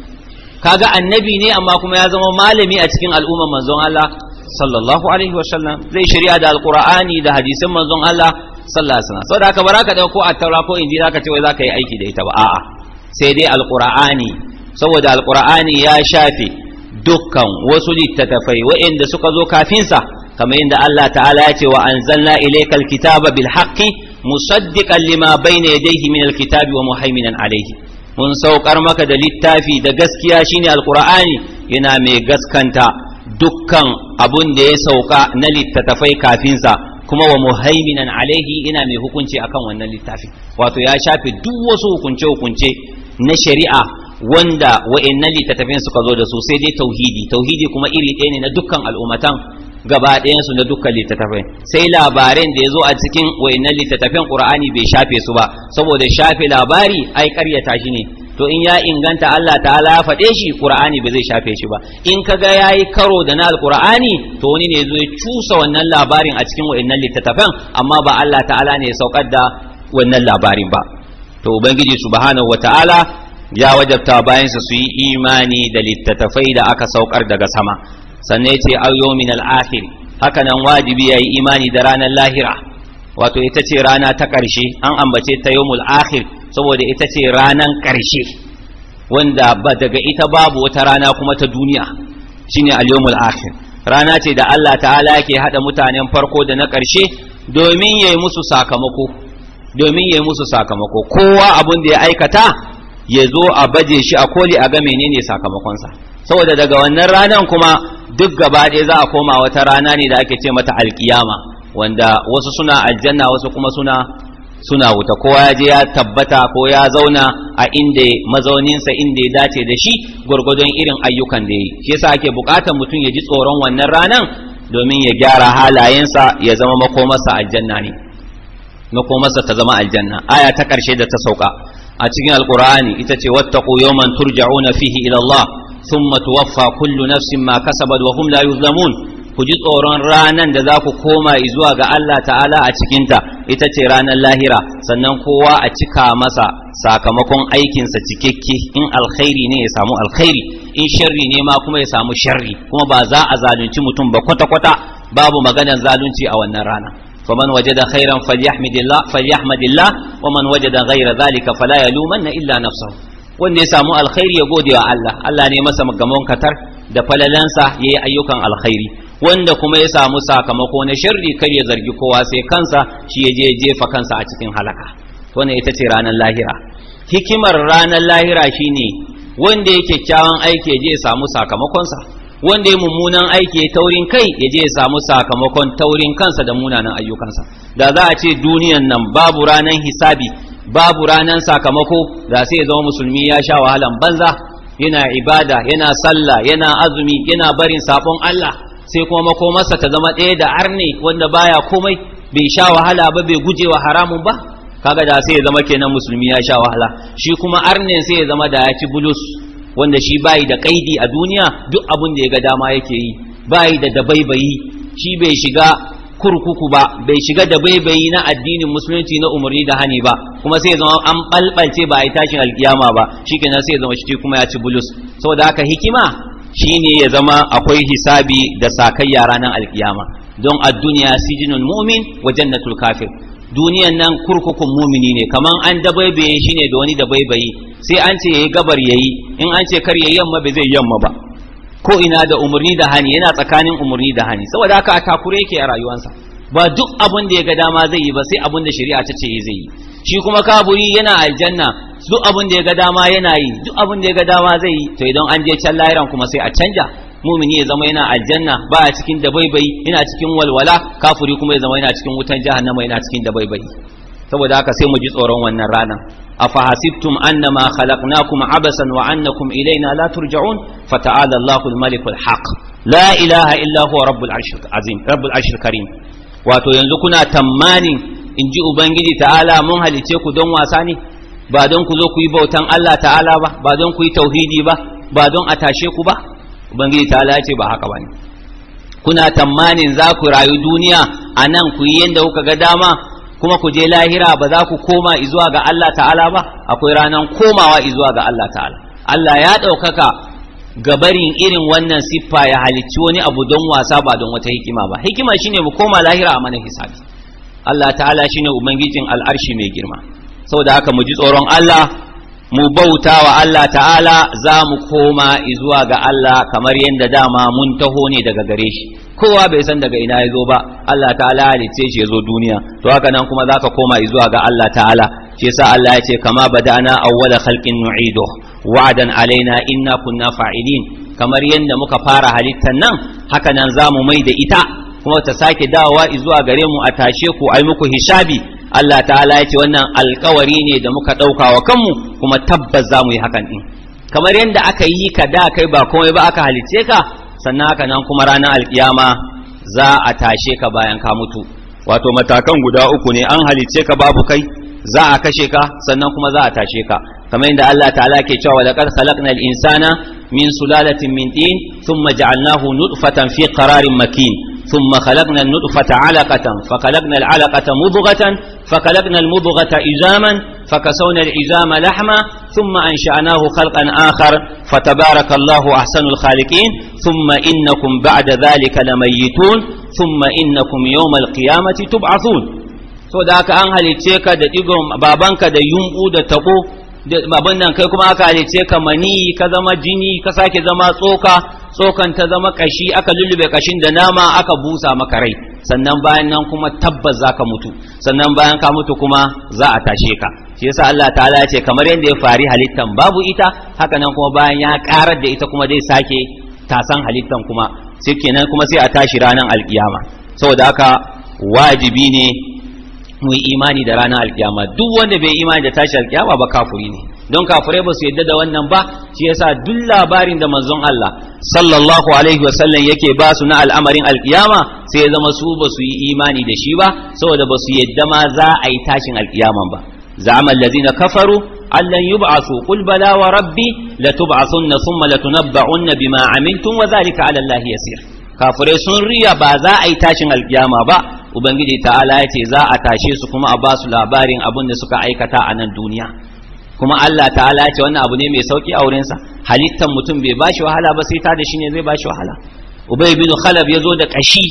kaga annabi ne amma kuma ya zama malami a cikin al'ummar manzon Allah sallallahu alaihi wasallam zai shirya da alqur'ani da hadisin manzon Allah sallallahu alaihi wasallam saboda haka baraka dauko ko taura ko injila ka ce wai zaka yi aiki da ita ba a'a sai dai alqur'ani saboda alqur'ani ya shafe dukkan wasu littattafai waɗanda suka zo kafinsa kamar inda Allah ta'ala ya ce wa anzalna ilaykal kitaba bil haqqi musaddiqan lima bayna yadayhi min al kitabi wa muhaiminan alayhi mun saukar maka da littafi da gaskiya shine alqur'ani yana mai gaskanta dukkan abun da ya sauka na littattafai kafinsa kuma wa muhaiminan alaihi ina mai hukunci akan wannan littafi wato ya shafe duk wasu hukunce hukunce na shari'a wanda wa'annan littattafin suka zo da su sai dai tauhidi tauhidi kuma iri ɗaya ne na dukkan al'ummatan gaba ɗayansu na dukkan littattafai sai labarin da ya zo a cikin wa'annan littattafin qur'ani bai shafe su ba saboda shafe labari ai karyata shi ne to in ya inganta Allah ta'ala ya faɗe shi Qur'ani ba zai shafe shi ba in kaga yayi karo da na qurani to wani ne zai cusa wannan labarin a cikin wa'annan littattafan amma ba Allah ta'ala ne ya saukar da wannan labarin ba to ubangiji subhanahu wata'ala ya wajabta bayan sa su yi imani da littattafai da aka saukar daga sama sannan ya ce ayyomin al-akhir haka nan wajibi yayi imani da ranar lahira wato ita ce rana ta ƙarshe an ambace ta yawmul akhir saboda ita ce ranan ƙarshe wanda ba daga ita babu wata rana kuma ta duniya shine al-yawmul akhir rana ce da Allah ta'ala yake haɗa mutanen farko da na ƙarshe domin yayi musu sakamako domin yayi musu sakamako kowa abun da ya aikata ya zo a baje shi a koli a ga menene sakamakonsa saboda daga wannan ranan kuma duk gaba ɗaya za a koma wata rana ne da ake ce mata alkiyama wanda wasu suna aljanna wasu kuma suna suna wuta kowa ya je ya tabbata ko ya zauna a inda mazauninsa inda ya dace da shi gwargwadon irin ayyukan da yi shi yasa ake bukatar mutum ya ji tsoron wannan ranan domin ya gyara halayensa ya zama makomarsa aljanna ne makomarsa ta zama aljanna aya ta karshe da ta sauka a cikin alqur'ani ita ce wattaqu yawman turja'una fihi ila Allah thumma tuwaffa kullu nafsin ma kasabat wa hum la yuzlamun ku ji tsoron ranan da za ku koma zuwa ga Allah ta'ala a cikinta ita ce ranar lahira sannan kowa a cika masa sakamakon aikinsa cikakke in alkhairi ne ya samu alkhairi in sharri ne ma kuma ya samu sharri kuma ba za a zalunci mutum ba kwata-kwata babu maganar zalunci a wannan rana فمن وجد خيرا فليحمد الله فليحمد الله ومن وجد غير ذلك فلا يلومن الا نفسه wanda ya samu alkhairi ya gode wa Allah Allah ne masa gamon katar da falalansa yayi ayyukan alkhairi wanda kuma ya samu sakamako na sharri kar ya zargi kowa sai kansa shi ya je jefa kansa a cikin halaka wanda ita ce ranar lahira hikimar ranar lahira shine wanda ya kyakkyawan aiki ya je ya samu sakamakonsa wanda ya mummunan aiki ya taurin kai ya je ya samu sakamakon taurin kansa da munanan ayyukansa da za a ce duniyan nan babu ranar hisabi babu ranar sakamako da sai ya zama musulmi ya sha wahalan banza yana ibada yana sallah yana azumi yana barin sabon Allah sai kuma makomarsa ta zama ɗaya da arne wanda baya komai bai sha wahala ba bai guje wa haramun ba kaga da sai ya zama kenan musulmi ya sha wahala shi kuma arne sai ya zama da ya ci bulus wanda shi bayi da kaidi a duniya duk abin da ya ga dama yake yi bayi da dabaibayi shi bai shiga kurkuku ba bai shiga dabaibayi na addinin musulunci na umarni da hani ba kuma sai zama an balbalce ba a yi tashin alkiyama ba shi kenan sai zama shi kuma ya ci bulus saboda haka hikima Shi ne ya zama akwai hisabi da sakayya ranar alkiyama don a duniya mumin wajen na kafir duniyan nan kurkukun mumini ne kaman an dabaibaye shi ne da wani dabaibaye sai an ce yayi gabar yayi in an ce kar yayi yamma bai zai yamma ba ko ina da umarni da hani yana tsakanin umarni da hani saboda haka a takure yake a rayuwarsa ba duk abin da ya ga dama zai yi ba sai abin da shari'a ta ce zai yi shi kuma kaburi yana aljanna duk abin da ya ga dama yana yi duk abin da ya ga dama zai yi to idan an je can lahiran kuma sai a canja mumini ya zama yana aljanna ba a cikin dabaibai yana cikin walwala kafuri kuma ya zama yana cikin wutan jahannama yana cikin dabaibai saboda haka sai mu ji tsoron wannan ranan afa hasibtum annama khalaqnakum abasan wa annakum ilaina la turja'un fata'ala Allahu al haq la ilaha illa huwa rabbul arshil azim rabbul arshil karim wato yanzu kuna tamanin in ji ubangiji ta'ala mun halice ku don wasa ne ba don ku zo ku yi bautan Allah ta'ala ba ba don ku yi tauhidi ba ba don a tashe ku ba ubangiji ta'ala ya ce ba haka ba ne. kuna tamanin za ku rayu duniya a nan ku yi yadda kuka ga dama kuma ku je lahira ba za ku koma izuwa ga Allah ta'ala ba akwai ranar komawa izuwa ga Allah ta'ala Allah ya ɗaukaka gabarin irin wannan siffa ya halicci wani abu don wasa ba don wata hikima ba hikima shine mu koma lahira a mana hisabi Allah ta'ala shine ubangijin al'arshi mai girma saboda haka mu ji tsoron Allah mu bauta wa Allah ta'ala za mu koma zuwa ga Allah kamar yadda dama mun taho ne daga gare shi kowa bai san daga ina ya zo ba Allah ta'ala halitta shi ya zo duniya to haka nan kuma za ka koma izuwa ga Allah ta'ala shi yasa Allah ya ce kama badana awwala khalqin nu'idu wa'dan alaina inna kunna fa'ilin kamar yadda muka fara halittar nan haka nan za mu mai da ita kuma ta sake dawowa zuwa gare mu a tashe ku ai muku hisabi Allah ta'ala ya ce wannan alkawari ne da muka ɗauka wa kanmu kuma tabbas za mu yi hakan ɗin kamar yadda aka yi ka da kai ba komai ba aka halice ka sannan haka nan kuma ranar alkiyama za a tashe ka bayan ka mutu wato matakan guda uku ne an halice ka babu kai za a kashe ka sannan kuma za a tashe ka kamar yadda Allah ta'ala ke cewa laqad al insana min sulalatin min tin thumma ja'alnahu nutfatan fi qararin makin ثم خلقنا النطفة علقة فخلقنا العلقة مضغة فخلقنا المضغة إزاما فكسونا العزام لحما ثم أنشأناه خلقا آخر فتبارك الله أحسن الخالقين ثم إنكم بعد ذلك لميتون ثم إنكم يوم القيامة تبعثون so da aka an halicce ka da digon babanka da yumbu da tako abin nan kai kuma aka halice ka mani ka zama jini ka sake zama tsoka tsokan ta zama kashi aka lullube kashin da nama aka busa maka rai sannan bayan nan kuma tabbas zaka mutu sannan bayan ka mutu kuma za a tashe ka shi yasa Allah ta'ala ya ce kamar yadda ya fari halittan babu ita haka nan kuma bayan ya karar da ita kuma zai sake tasan halittan kuma sai kenan kuma sai a tashi ranar alkiyama saboda haka wajibi ne mu yi imani da ranar alkiyama duk wanda bai imani da tashi alkiyama ba kafuri ne don kafurai ba su yadda da wannan ba shi yasa duk labarin da manzon Allah sallallahu alaihi wasallam yake ba su na al'amarin alkiyama sai ya zama su ba su yi imani da shi ba saboda ba su yadda ma za a yi tashin alkiyama ba za'ama allazina kafaru allan yub'asu qul bala wa rabbi latub'asunna thumma latunabba'unna bima amintum wa zalika ala allahi yasir kafurai sun riya ba za a yi tashin alkiyama ba ubangiji ta'ala ya ce za a tashe su kuma a ba su labarin abin da suka aikata a nan duniya kuma Allah ta'ala ya ce wannan abu ne mai sauki a wurinsa Halittar mutum bai bashi wahala ba sai ta da shi ne zai shi wahala ubay bin khalab ya zo da kashi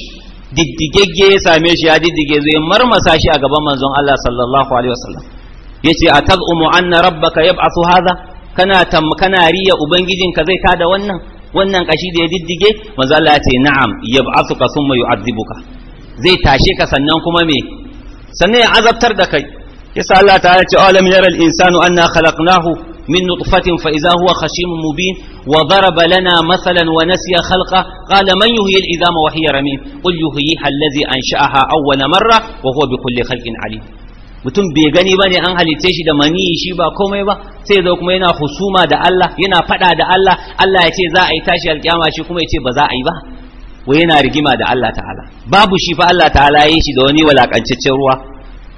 diddigegge ya same shi ya diddige zai marmasa shi a gaban manzon Allah sallallahu alaihi wasallam a atazumu anna rabbaka yab'athu hadha kana tam kana riya ubangijinka zai tada wannan wannan kashi da ya diddige manzo Allah ya ce na'am yab'athuka thumma yu'adhibuka zai tashe ka sannan kuma me sannan ya azabtar da kai kisa Allah ta ce alam yara al insanu anna khalaqnahu min nutfatin fa idza huwa khashim mubin wa daraba lana mathalan wa nasiya khalqa qala man yuhyi al idama wa hiya ramin qul yuhyiha allazi ansha'aha awwal marra wa huwa bi kulli khalqin Ali. mutum bai gani ba ne an halitte shi da mani shi ba komai ba sai zo kuma yana husuma da Allah yana fada da Allah Allah ya ce za a yi tashi alƙiyama shi kuma ya ce ba za a yi ba wai yana rigima da Allah ta'ala babu shi fa Allah ta'ala yi shi da wani walakancaccen ruwa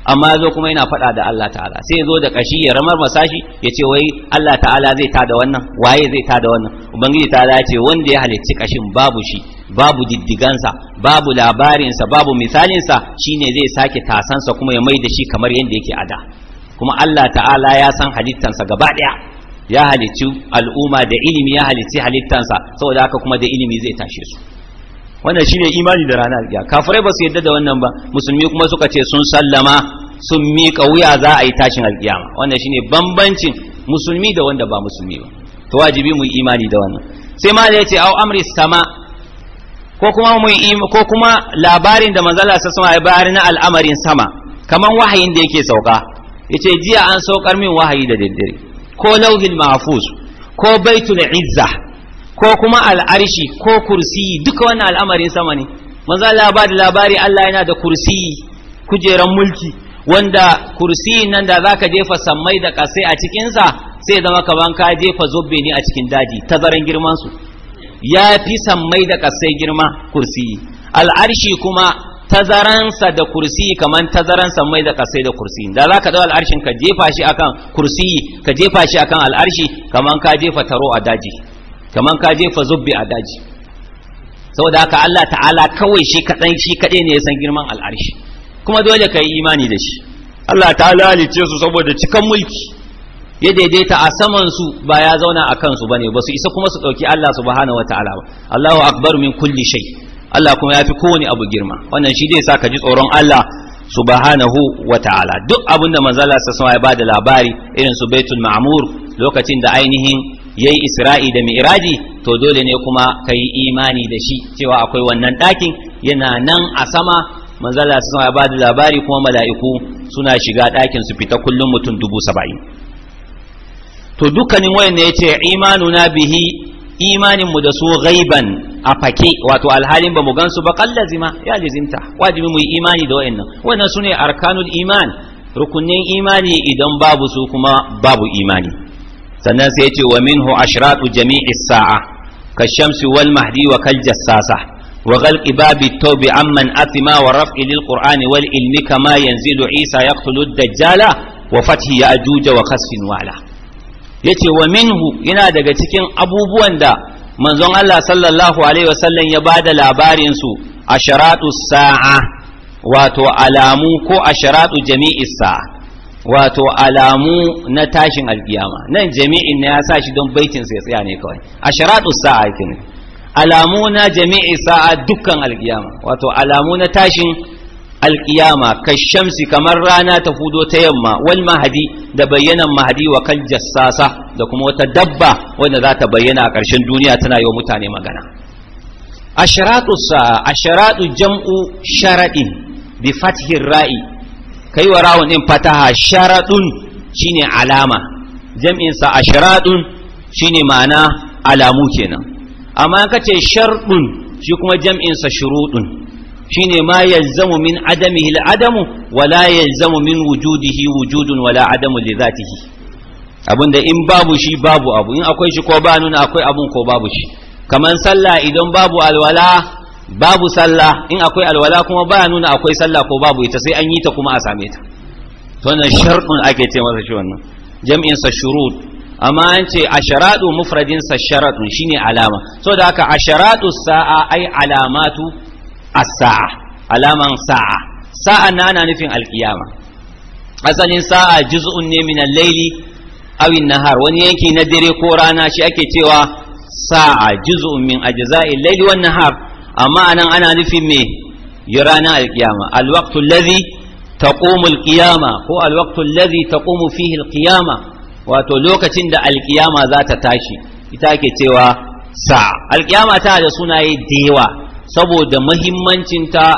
amma yazo kuma yana faɗa da Allah ta'ala sai yazo da kashi ya ramar masashi ya ce wai Allah ta'ala zai ta da wannan waye zai ta da wannan ubangiji ta'ala ya wanda ya halicci kashin babu shi babu diddigansa babu labarinsa babu misalinsa shine zai sake tasansa kuma ya mai da shi kamar yadda yake ada kuma Allah ta'ala ya san halittansa gaba daya ya halicci al'umma da ilimi ya halicci halittansa saboda haka kuma da ilimi zai tashe su wannan shine imani da ranar alƙiyama kafirai ba su yadda da wannan ba musulmi kuma suka ce sun sallama sun miƙa wuya za a yi tashin alƙiyama wannan shine bambancin musulmi da wanda ba musulmi ba to wajibi mu yi imani da wannan sai ma da yace au amri sama ko kuma mu ko kuma labarin da manzo Allah sallallahu alaihi wasallam ya na al'amarin sama kaman wahayin da yake sauka yace jiya an saukar min wahayi da daddare ko lauhin mahfuz ko baitul izza ko kuma al'arshi ko kursi duka wannan al'amarin sama ne manzo Allah ba da labari Allah yana da kursi kujeran mulki wanda kursi nan da zaka jefa sammai da kasai a cikinsa, sa sai zama kaman ka jefa zobbe ne a cikin daji tazaran girman su ya fi sammai da kasai girma kursi al'arshi kuma tazaransa da kursi kamar tazaran mai da kasai da kursi da za ka al'arshin ka jefa shi akan kursi ka jefa shi akan al'arshi kamar ka jefa taro a daji kaman ka jefa zubbi a daji saboda haka Allah ta'ala kawai shi kadan shi kaɗai ne ya san girman al'arshi kuma dole ka yi imani da shi Allah ta'ala halice su saboda cikan mulki ya daidaita a saman su ba ya zauna a kansu bane ba su isa kuma su ɗauki Allah subhanahu wataala ba Allahu akbar min kulli shay Allah kuma ya fi kowane abu girma wannan shi zai sa ka ji tsoron Allah subhanahu wataala duk abin da manzala sa ya bada labari irin su baitul ma'mur lokacin da ainihin yayi isra'i da mi'raji to dole ne kuma kai imani da shi cewa akwai wannan ɗakin yana nan a sama manzala su ya bada labari kuma mala'iku suna shiga ɗakin su fita kullum mutum dubu saba'in to dukkanin wayan ne yace imanuna bihi imanin mu da su ghaiban a fake wato alhalin ba mu gansu ba zima ya lazimta wajibi mu yi imani da wayannan wayannan sune arkanul iman rukunin imani idan babu su kuma babu imani sannan sai yace wa minhu ashratu jami'i sa'a kashamsi wal mahdi wa kal jassasa wa ghalqi babi tawbi amman athima wa raf'i lil qur'ani wal ilmi kama yanzilu isa yaqtulu dajjala wa fathi ajuja wa kasfin wala yace wa minhu yana daga cikin abubuwan da manzon Allah sallallahu alaihi wasallam ya bada labarin su asharatu sa'a wato alamu ko asharatu jami'i sa'a wato alamu na tashin alkiyama nan jami'in na ya sa shi don baitin sai tsaya ne kawai sharaɗu sa'a kenan alamu na jami'i sa'a dukkan alkiyama wato alamu na tashin alkiyama kashamsi kamar rana ta hudo ta yamma wal mahadi da bayyanan mahadi wa kan jassasa da kuma wata dabba wanda za ta bayyana a ƙarshen duniya tana yi wa mutane magana sharaɗu sa'a sharaɗu jam'u sharaɗin bi fathir ra'i kai wa rawun din fataha sharadun shine alama jam'in sa ashradun shine ma'ana alamu kenan amma ka ce shardun shi kuma jam'in sa shurudun shine ma yalzamu min adamihi adamu wala yalzamu min wujudihi wujudun wala adamu li zatihi abinda in babu shi babu abu in akwai shi ko ba nuna akwai abun ko babu shi kaman sallah idan babu alwala babu sallah in akwai alwala kuma baya nuna akwai sallah ko babu ita sai an yi ta kuma a same ta to wannan shartun ake ce masa shi wannan jam'in sa shurut amma an ce asharadu mufradin sa sharatun shine alama so da haka asharatu sa'a ai alamatu as-sa'a alaman sa'a sa'a na ana nufin alkiyama asalin sa'a juz'un ne min al-layli aw an-nahar wani yanki na dare ko rana shi ake cewa sa'a juz'un min ajza'il layli wan nahar amma anan ana nufin me yi ranar alkiyama alwaqtu ta taqumu ko alwaqtu ta taqumu wato lokacin da alkiyama za ta tashi ita ke cewa sa alkiyama ta da sunaye dewa saboda muhimmancinta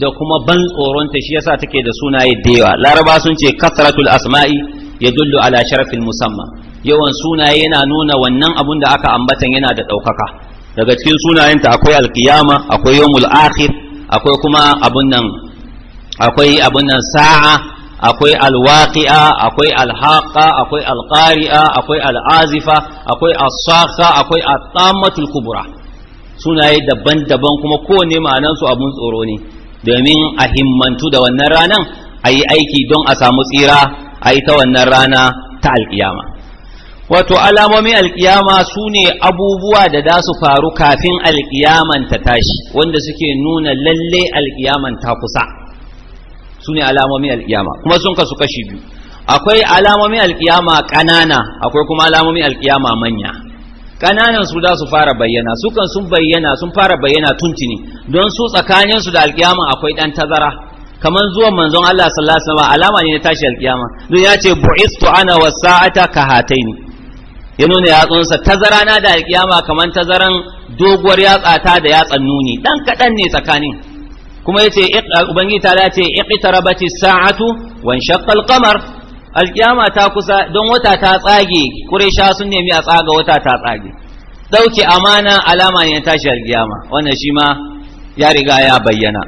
da kuma ban tsoronta shi yasa take da sunaye dewa laraba sun ce kasratul asma'i ya dullu ala sharfin musamman yawan sunaye yana nuna wannan abun da aka ambatan yana da ɗaukaka daga cikin sunayenta akwai alkiyama akwai yawmul akhir akwai kuma abun nan akwai abun nan sa'a akwai alwaqi'a akwai alhaqa akwai alqari'a akwai alazifa akwai as-saqa akwai at-tammatul kubra sunaye daban-daban kuma kowanne ma'anan su abun tsoro ne domin a himmantu da wannan ranan ayi aiki don a samu tsira ayi ta wannan rana ta alkiyama wato alamomin alkiyama su ne abubuwa da za su faru kafin alkiyaman ta tashi wanda suke nuna lalle alkiyaman ta kusa su ne alamomin alkiyama kuma sun kasu kashi biyu akwai alamomin alkiyama ƙanana akwai kuma alamomin alkiyama manya ƙananan su za su fara bayyana su kan sun bayyana sun fara bayyana tuntuni don su tsakaninsu da alkiyama akwai ɗan tazara kamar zuwan manzon Allah sallallahu alaihi wasallam alama ne na tashi alkiyama don ya ce bu'istu ana wasa'ata kahataini ya nuna yatsunsa tazara na da alkiyama kamar tazaran doguwar yatsa ta da yatsan nuni dan kadan ne tsakanin kuma yace ubangiji ta yace iqtarabati sa'atu wa shaqqa al-qamar alkiyama ta kusa don wata ta tsage quraisha sun nemi a tsaga wata ta tsage dauke amana alama ne tashi alkiyama wannan shi ma ya riga ya bayyana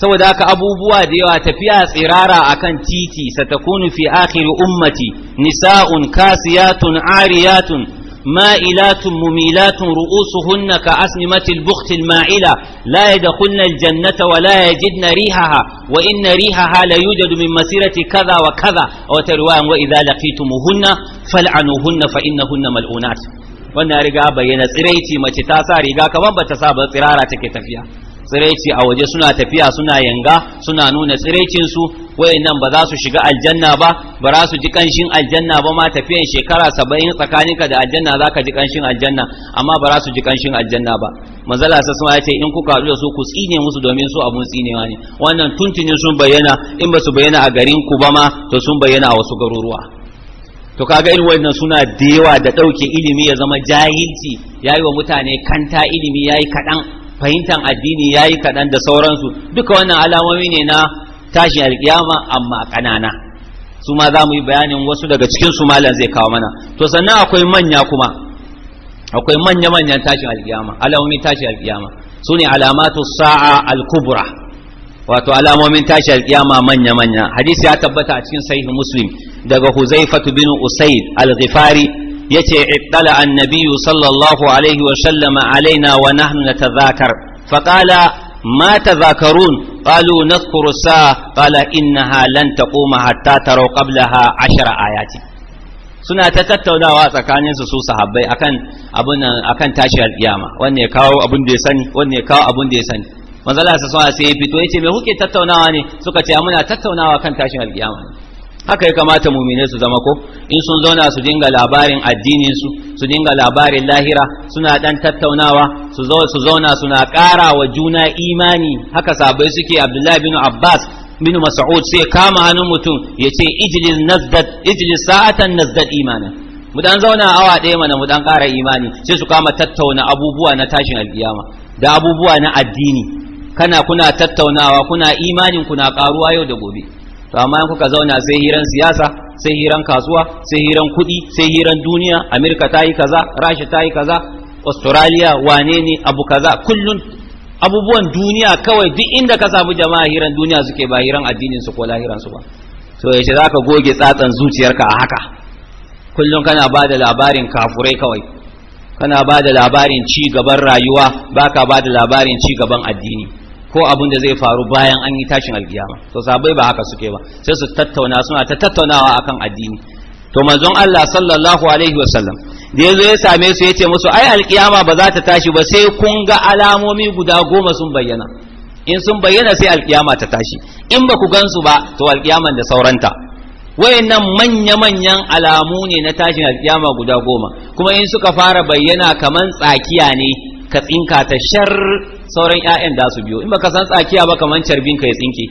saboda haka abubuwa da yawa tafiya tsirara akan titi satakunu fi akhir ummati nisa'un kasiyatun ariyatun ma'ilatun mumilatun ru'usuhunna ka asnimatil bukhtil ma'ila la yadkhulna jannata wa la yajidna rihaha wa inna rihaha la yujadu min masirati kadha wa kadha aw tarwan wa idha laqitumuhunna fal'anuhunna fa innahunna mal'unat wannan riga bayyana tsiraici mace ta sa riga kamar bata sa ba tsirara take tafiya tsiraici a waje suna tafiya suna yanga suna nuna tsiraicinsu wayannan ba za su shiga aljanna ba ba za su ji kanshin aljanna ba ma tafiyan shekara saba'in tsakaninka da aljanna za ka ji kanshin aljanna amma ba za su ji kanshin aljanna ba manzala sa suma ya ce in kuka haɗu da su ku tsine musu domin su abun tsinewa ne wannan tuntunin sun bayyana in ba su bayyana a garin ku ba ma to sun bayyana a wasu garuruwa to kaga irin wannan suna da yawa da ɗauke ilimi ya zama jahilci ya yi wa mutane kanta ilimi yayi kaɗan fahimtar addini ya yi kaɗan da sauransu duka wannan alamomi ne na tashin alkiyama amma ƙanana su ma za mu yi bayanin wasu daga cikin su malam zai kawo mana to sannan akwai manya kuma akwai manya manyan tashin alkiyama alamomin tashin alkiyama su ne alamatu sa'a al-kubra wato alamomin tashin alkiyama manya manya hadisi ya tabbata a cikin sahih muslim daga huzaifatu bin usaid al-ghifari yace ittala annabiyyu sallallahu alaihi wa sallama alaina wa nahnu natadhakar faqala ma tadhakarun qalu nadhkuru sa qala innaha lan taquma hatta taraw qablaha 10 ayati suna ta tattaunawa tsakanin su su sahabbai akan abun akan tashi alkiyama wanne ya kawo abun da ya sani wanne ya kawo abun da ya sani manzala sa sai ya fito yace me kuke tattaunawa ne suka ce muna tattaunawa kan tashin alkiyama ne haka ya kamata mumine su zama ko in sun zauna su dinga labarin addinin su su dinga labarin lahira suna dan tattaunawa su zo su zauna suna ƙara wa juna imani haka sabai suke Abdullahi bin Abbas bin Mas'ud sai kama hannun mutum ya ijlis nazdat ijlis sa'atan nazdat imana mu dan zauna awa ɗaya mana mu dan ƙara imani sai su kama tattauna abubuwa na tashin alkiyama da abubuwa na addini kana kuna tattaunawa kuna imanin kuna ƙaruwa yau da gobe to amma in kuka zauna sai hiran siyasa sai hiran kasuwa sai hiran kuɗi sai hiran duniya amerika ta yi kaza rasha ta yi kaza australia wane ne abu kaza kullun abubuwan duniya kawai duk inda ka samu jama'a hiran duniya suke ba hiran addinin su ko lahiran su ba so yace zaka goge tsatsan zuciyarka a haka kullun kana ba da labarin kafurai kawai kana ba da labarin ci gaban rayuwa baka ba da labarin ci gaban addini ko abin da zai faru bayan an yi tashin alkiyama to sabai ba haka suke ba sai su tattauna suna ta tattaunawa akan addini to manzon Allah sallallahu alaihi wasallam da yazo ya same su yace musu ai alkiyama ba za ta tashi ba sai kun ga alamomi guda goma sun bayyana in sun bayyana sai alkiyama ta tashi in ba ku gansu ba to alkiyaman da sauranta wayannan manya-manyan alamu ne na tashin alkiyama guda goma kuma in suka fara bayyana kaman tsakiya ne ka tsinka ta shar sauran 'ya'yan da su biyo in baka san tsakiya ba kamar carbin ka ya tsinke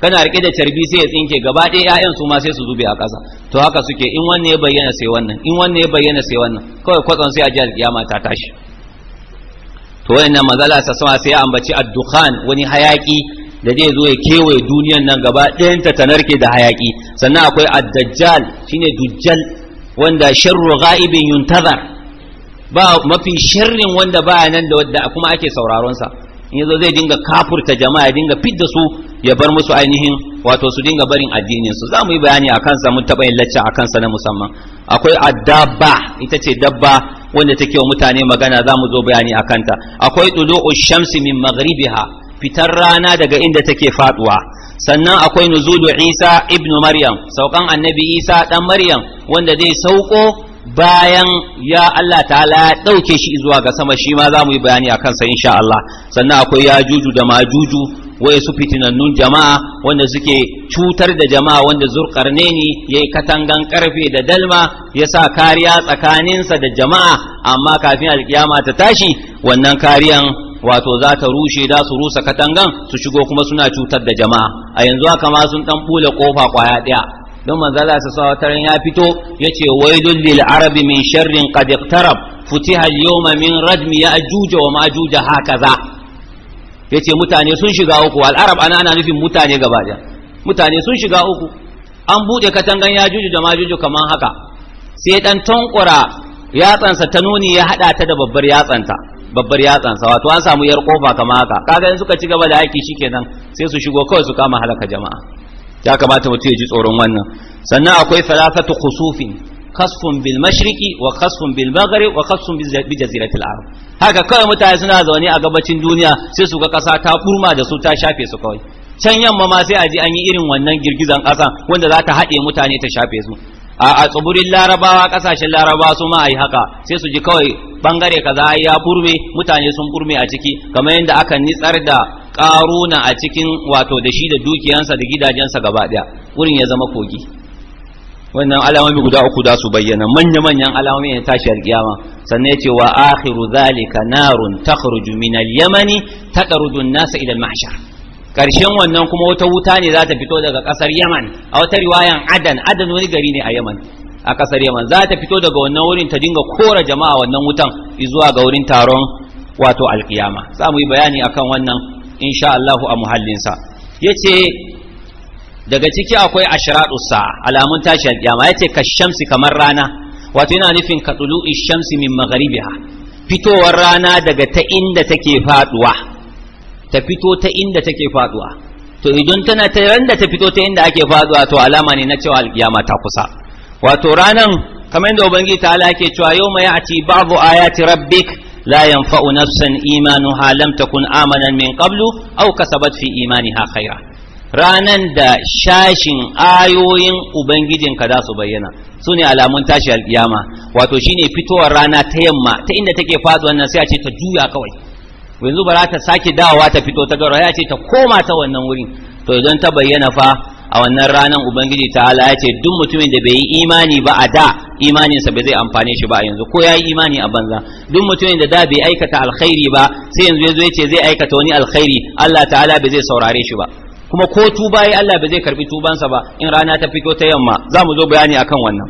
kana rike da carbi sai ya tsinke gaba ɗaya ƴaƴan su ma sai su zube a ƙasa to haka suke in wannan ya bayyana sai wannan in wannan ya bayyana sai wannan kawai kwatsan sai a jiya alƙiyama ta tashi to wannan mazala sa sama sai ya ambaci addukhan wani hayaki da zai zo ya kewaye duniyar nan gaba ɗayan ta narke da hayaki sannan akwai ad-dajjal shine dujjal wanda sharru ghaibin yuntazar ba mafi sharrin wanda ba nan da wadda kuma ake sauraron sa in yazo zai dinga kafurta jama'a ya dinga fidda su ya bar musu ainihin wato su dinga barin addinin su zamu yi bayani akan sa mun taba yin lacca akan sa na musamman akwai adaba ita ce dabba wanda take wa mutane magana zamu zo bayani akan ta akwai tulu'u shamsi min maghribiha fitar rana daga inda take faduwa sannan akwai nuzulu isa ibnu maryam saukan annabi isa dan maryam wanda zai sauko bayan ya Allah ta'ala ya ɗauke shi zuwa ga sama shi ma za mu yi bayani a kansa insha Allah sannan akwai ya juju da majuju wai su fitinannun jama'a wanda suke cutar da jama'a wanda ne ni ya yi katangan karfe da dalma ya sa kariya tsakaninsa da jama'a amma kafin alkiyama ta tashi wannan kariyan wato za ta rushe da su rusa katangan su shigo kuma suna cutar da jama'a a yanzu haka ma sun ɗan bule kofa kwaya ɗaya. don manzala sa sawa taran ya fito yace wailul lil arabi min sharrin qad iqtarab futiha al yawma min radmi ya'juj wa ma'juj hakaza yace mutane sun shiga uku al arab ana ana nufin mutane gaba da mutane sun shiga uku an bude katangan yajuju da majuju kaman haka sai dan tonkura yatsansa ta nuni ya hada ta da babbar yatsanta babbar yatsansa wato an samu yar kofa kamar haka kaga in suka ci gaba da aiki shikenan sai su shigo kawai su kama halaka jama'a ya kamata mutum ya ji tsoron wannan sannan akwai thalathatu khusufin kasfun bil mashriqi wa kasfun bil maghrib wa kasfun bi jaziratil arab haka kawai mutane suna zaune a gabacin duniya sai su ga kasa ta kurma da su ta shafe su kawai can yamma ma sai a ji an yi irin wannan girgizan kasa wanda za ta haɗe mutane ta shafe su a tsibirin larabawa kasashen larabawa su ma a yi haka sai su ji kawai bangare kaza ya burme mutane sun burme a ciki kamar yadda aka nitsar da ƙaruna a cikin wato da shi da dukiyansa da gidajensa gaba daya wurin ya zama kogi wannan alamomi guda uku za su bayyana manya-manyan alamomi ne tashi kiyama sannan ya ce wa akhiru zalika narun takhruju min al-yamani taqrudu an-nasa ila al-mahshar karshen wannan kuma wata wuta ne za ta fito daga kasar yaman a wata riwayan adan adan wani gari ne a yaman a kasar yaman za ta fito daga wannan wurin ta dinga kora jama'a wannan wutan zuwa ga wurin taron wato alkiyama za mu yi bayani akan wannan insha Allahu a muhallinsa yace daga ciki akwai ashraqus sa'a alamun tashi alƙiyama yace kashamsi kamar rana wato yana nufin katulu'i shamsi min magharibiha fitowar rana daga ta inda take faduwa ta fito ta inda take faduwa to idan tana ta randa ta fito ta inda ake faduwa to alama ne na cewa alƙiyama ta kusa wato ranan kamar yadda ubangiji ta ala ke cewa yau mai ya'ti Aya ayati rabbik لا ينفع نفسا إيمانها لم تكن آمنا من قبل أو كسبت في إيمانها خيرا ranan da shashin ayoyin ubangijinka za su bayyana su ne alamun tashi alkiyama wato shine fitowar rana ta yamma ta inda take faɗi wannan sai a ce ta juya kawai yanzu ba za ta sake dawowa ta fito ta garo ya ce ta koma ta wannan wurin to idan ta bayyana fa a wannan ranan ubangiji ta'ala ya ce duk mutumin da bai yi imani ba a da imaninsa bai zai amfane shi ba a yanzu ko ya yi imani a banza duk mutumin da da bai aikata alkhairi ba sai yanzu ya zo ya ce zai aikata wani alkhairi Allah ta'ala bai zai saurare shi ba kuma ko tuba ya Allah bai zai karbi tubansa ba in rana ta fito ta yamma za mu zo bayani akan wannan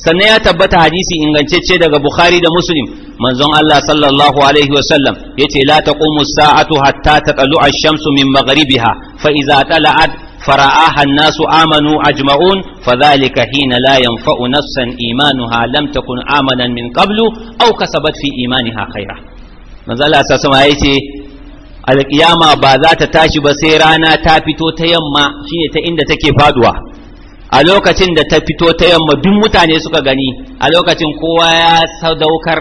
sannan ya tabbata hadisi ce daga bukhari da muslim manzon allah sallallahu alaihi sallam ya ce la taqumu sa'atu hatta taqalu ash-shamsu min maghribiha fa idza tala'at فرآها الناس amanu أجمعون فذلك حين لا ينفع نفسا إيمانها لم تكن آمنا من قبل أو كسبت في إيمانها خيرا manzo Allah sa sama yace alkiyama ba za ta tashi ba sai rana ta fito ta yamma shine ta inda take faduwa a lokacin da ta fito ta yamma duk mutane suka gani a lokacin kowa ya sadaukar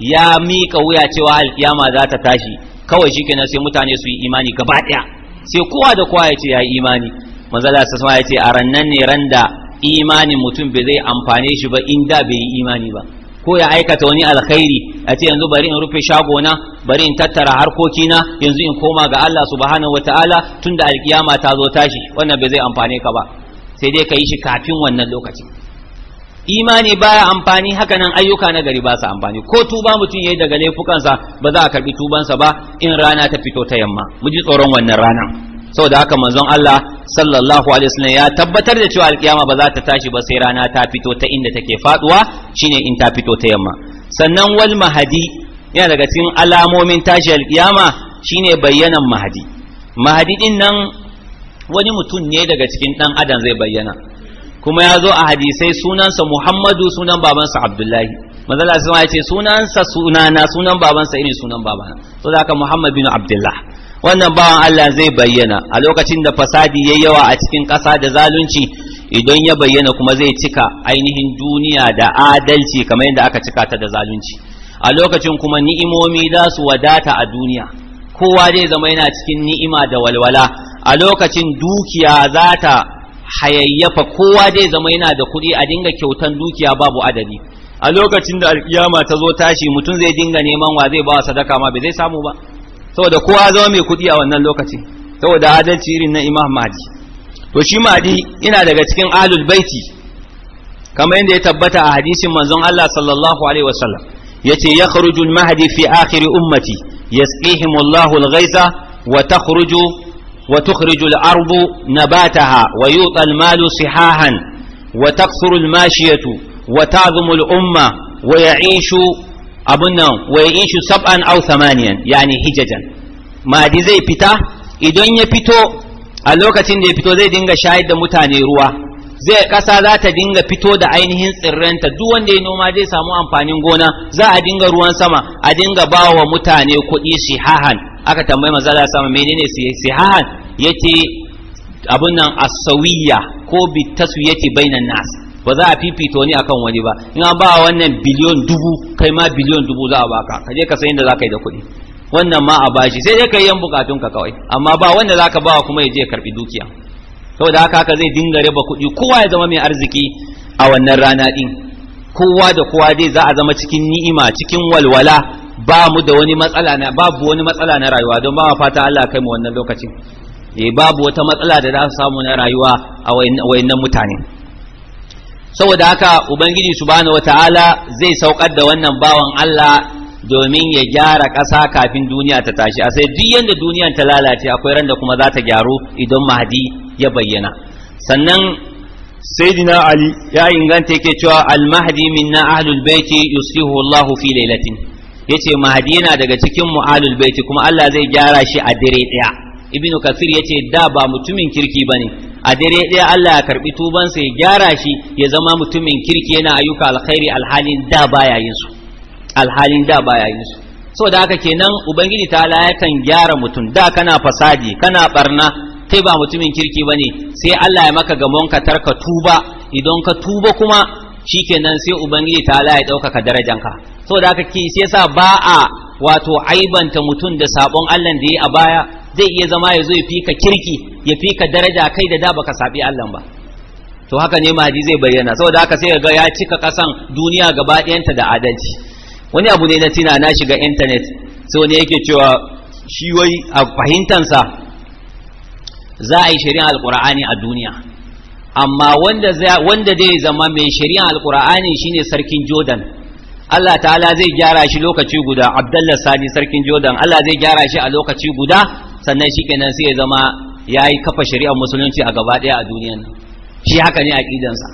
ya mika wuya cewa alkiyama za ta tashi kawai shikenan sai mutane suyi imani gaba daya sai kowa da kowa ya ce ya yi imani manzo Allah sallallahu ya ce a rannan ne randa imanin mutum bai zai amfane shi ba inda bai yi imani ba ko ya aikata wani alkhairi a ce yanzu bari in rufe shago na bari in tattara harkokina yanzu in koma ga Allah subhanahu wataala tunda alkiyama ta zo tashi wannan bai zai amfane ka ba sai dai ka yi shi kafin wannan lokaci imani baya amfani haka nan ayyuka na gari ba su amfani ko tuba mutum yayi daga laifukansa ba za a karbi tubansa ba in rana ta fito ta yamma mu ji tsoron wannan rana saboda haka manzon Allah sallallahu alaihi wasallam ya tabbatar da cewa alkiyama ba za ta tashi ba sai rana ta fito ta inda take faduwa shine in ta fito ta yamma sannan wal mahadi yana daga cikin alamomin tashi alkiyama shine bayyanan mahadi mahadi din nan wani mutum ne daga cikin dan adam zai bayyana kuma ya zo a hadisai sunansa muhammadu sunan babansa abdullahi mazala sun ya ce sunansa sunana sunan babansa irin sunan babana so da muhammad bin abdullah wannan bawan allah zai bayyana a lokacin da fasadi ya yawa a cikin ƙasa da zalunci idan ya bayyana kuma zai cika ainihin duniya da adalci kamar yadda aka cika ta da zalunci a lokacin kuma ni'imomi za su wadata a duniya kowa zai zama yana cikin ni'ima da walwala a lokacin dukiya za ta hayayyafa kowa zai zama yana da kuɗi a dinga kyautan dukiya babu adadi a lokacin da alkiyama ta zo tashi mutum zai dinga neman wa zai bawa sadaka ma bai zai samu ba saboda kowa zama mai kuɗi a wannan lokaci saboda adalci irin na imam mahdi to shi mahdi ina daga cikin ahlul baiti kamar yadda ya tabbata a hadisin manzon Allah sallallahu alaihi wasallam yace yakhruju al-mahdi fi akhir ummati yasqihimu Allahu al-ghaytha wa takhruju وتخرج الأرض نباتها ويوطى المال صحاحا وتكثر الماشية وتعظم الأمة ويعيش أبنا ويعيش سبعا أو ثمانيا يعني هججا ما دي زي بتا إدن يبتو اللوكة دي بتو زي دينغ شاهد متاني روا zai kasa za ta dinga fito da ainihin tsirrenta duk wanda ya noma zai samu amfanin gona za a dinga ruwan sama a dinga ba wa mutane kuɗi shihahan aka tambayi maza da sama menene ya yace abun nan asawiya ko bi taswiyati bainan nas ba za a fifita wani akan wani ba in an ba wannan biliyon dubu kai ma biliyon dubu za a baka ka je ka san inda za ka yi da kuɗi wannan ma a bashi sai dai ka yi yan ka kawai amma ba wanda za ka bawa kuma ya je ya dukiya saboda haka haka zai dinga raba kuɗi kowa ya zama mai arziki a wannan rana din kowa da kowa dai za a zama cikin ni'ima cikin walwala ba mu da wani matsala na babu wani matsala na rayuwa don ba fata Allah kai mu wannan lokacin eh babu wata matsala da za su samu na rayuwa a wayannan mutane saboda haka ubangiji subhanahu wataala zai saukar da wannan bawan Allah domin ya gyara ƙasa kafin duniya ta tashi a sai duk yanda duniya ta lalace akwai ran da kuma za ta gyaru idan mahdi ya bayyana sannan sayyidina ali ya inganta yake cewa al mahdi minna ahlul baiti yusihu Allahu fi lailatin yace mahadi yana daga cikin mu'alul baiti kuma Allah zai gyara shi a dare daya ibn kasir yace da ba mutumin kirki bane a dare daya Allah ya karɓi tubansa ya gyara shi ya zama mutumin kirki yana ayyuka alkhairi alhalin da baya yin su alhalin da baya yin su saboda haka kenan ubangiji ta yakan gyara mutum da kana fasadi kana barna kai ba mutumin kirki bane sai Allah ya maka gamon ka tarka tuba idan ka tuba kuma shikenan sai ubangiji ta ya ɗaukaka darajanka saboda haka ki sai yasa ba a wato aibanta mutum da sabon Allah da yi a baya zai iya zama ya zo ya fika kirki ya fika daraja kai da da baka saɓi Allah ba to haka ne mahadi zai bayyana saboda haka sai ga ya cika kasan duniya gaba ɗayanta da adalci wani abu ne na tina na shiga internet sai wani yake cewa shi wai a fahimtansa za a yi shari'a alqur'ani a duniya amma wanda wanda zai zama mai shari'a alqur'ani shine sarkin jordan Allah ta'ala zai gyara shi lokaci guda abdullahi Sani sarkin jordan Allah zai gyara shi a lokaci guda sannan shikenan sai ya zama yayi kafa shari'ar musulunci a gaba daya a duniyan shi haka ne sa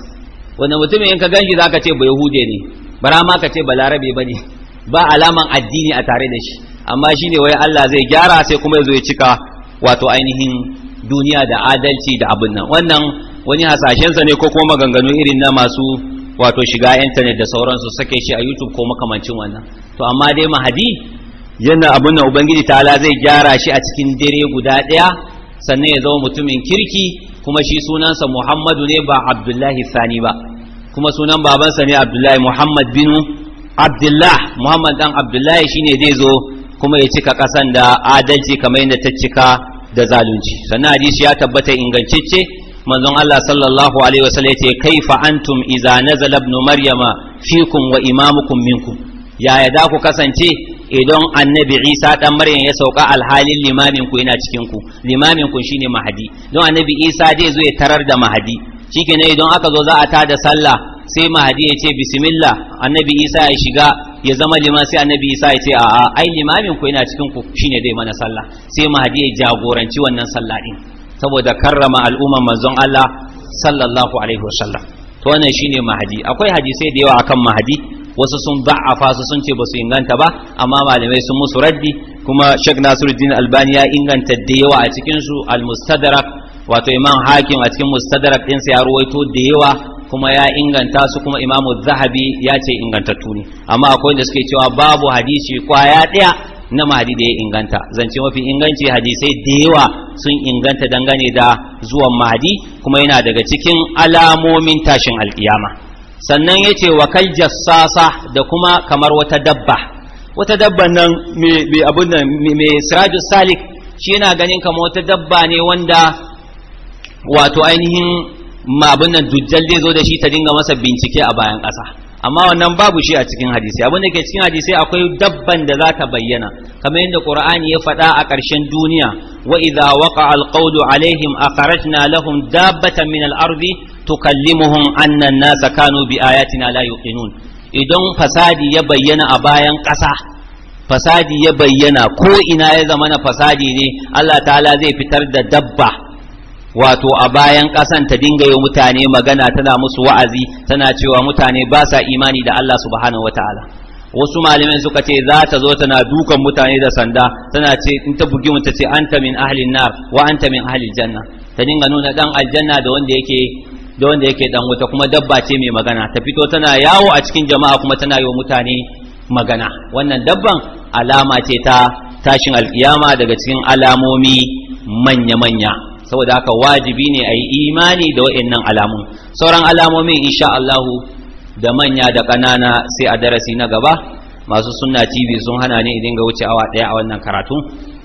wannan mutumin in ka ganshi zaka ce ba yahude ne bara ma ka ce ba larabe bane ba alaman addini a tare da shi amma shine wai Allah zai gyara sai kuma ya zo ya cika wato ainihin duniya da adalci da abin nan wannan wani hasashensa ne ko kuma maganganu irin na masu wato shiga intanet da sauransu sake shi a youtube ko makamancin wannan to amma dai mahadi yana abun nan ubangiji ala zai gyara shi a cikin dare guda ɗaya sannan ya zama mutumin kirki kuma shi sunansa muhammadu ne ba abdullahi sani ba kuma sunan babansa ne abdullahi muhammad bin abdullah muhammad dan abdullahi shine zai zo kuma ya cika kasan da adalci kamar yadda ta cika da zalunci sannan hadisi ya tabbata ingantacce manzon Allah sallallahu alaihi wasallam yace kaifa antum idza nazala ibn maryama fikum wa imamukum minkum yaya da ku kasance idan annabi Isa dan Maryam ya sauka alhalin limamin ku yana cikin ku limamin ku shine mahadi don annabi Isa zai zo ya tarar da mahadi shikenan idan aka zo za a da sallah sai mahadi ya ce bismillah annabi Isa ya shiga ya zama liman sai annabi isa ya ce a'a ai limamin ku yana cikin ku shine zai mana sallah sai mahadi ya jagoranci wannan sallah din saboda karrama al'umma manzon Allah sallallahu alaihi wasallam to wannan shine mahadi akwai hadisai da yawa akan mahadi wasu sun ba'afa su sun ce ba su inganta ba amma malamai sun musu raddi kuma Sheikh Nasiruddin Albani ya inganta da yawa a cikin su al-Mustadrak wato Imam Hakim a cikin Mustadrak din sa ya ruwaito da yawa kuma ya inganta su kuma Imam Zahabi ya ce ingantattu ne amma akwai wanda suke cewa babu hadisi kwaya daya na mahadi da ya inganta zance mafi inganci hadisai da yawa sun inganta dangane da zuwan mahadi kuma yana daga cikin alamomin tashin alkiyama sannan ya ce wa kal jassasa da kuma kamar wata dabba wata dabba nan mai abin nan mai sirajus salik shi yana ganin kamar wata dabba ne wanda wato ainihin ma abin nan dujjal zai zo da shi ta dinga masa bincike a bayan ƙasa amma wannan babu shi a cikin hadisi abin da ke cikin hadisi akwai dabban da za ta bayyana kamar yadda qur'ani ya faɗa a ƙarshen duniya wa idza waqa'a alqawlu alaihim akhrajna lahum dabbatan min al-ardi tukallimuhum anna an na kanu bi ayatina la yuqinun idan fasadi ya bayyana a bayan ƙasa fasadi ya bayyana ko ina ya zama na fasadi ne Allah ta'ala zai fitar da dabba wato a bayan ƙasan ta dinga yi mutane magana tana musu wa'azi tana cewa mutane ba sa imani da Allah subhanahu wataala wasu malamin suka ce za ta zo tana dukan mutane da sanda tana ce in ta bugi mu ta ce anta min ahlin nar wa anta min ahlil janna ta dinga nuna dan aljanna da wanda yake da wanda yake dan wuta kuma dabba ce mai magana ta fito tana yawo a cikin jama'a kuma tana yi mutane magana wannan dabban alama ce ta tashin alkiyama daga cikin alamomi manya-manya saboda haka wajibi ne a yi imani da wa'annan alamun sauran alamomin insha Allahu da manya da ƙanana sai a darasi na gaba masu sunna tv sun hana ne idan ga wuce awa ɗaya a wannan karatu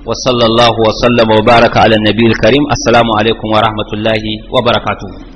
wa sallallahu wa sallama wa baraka ala nabiyil karim assalamu alaikum wa rahmatullahi wa barakatuh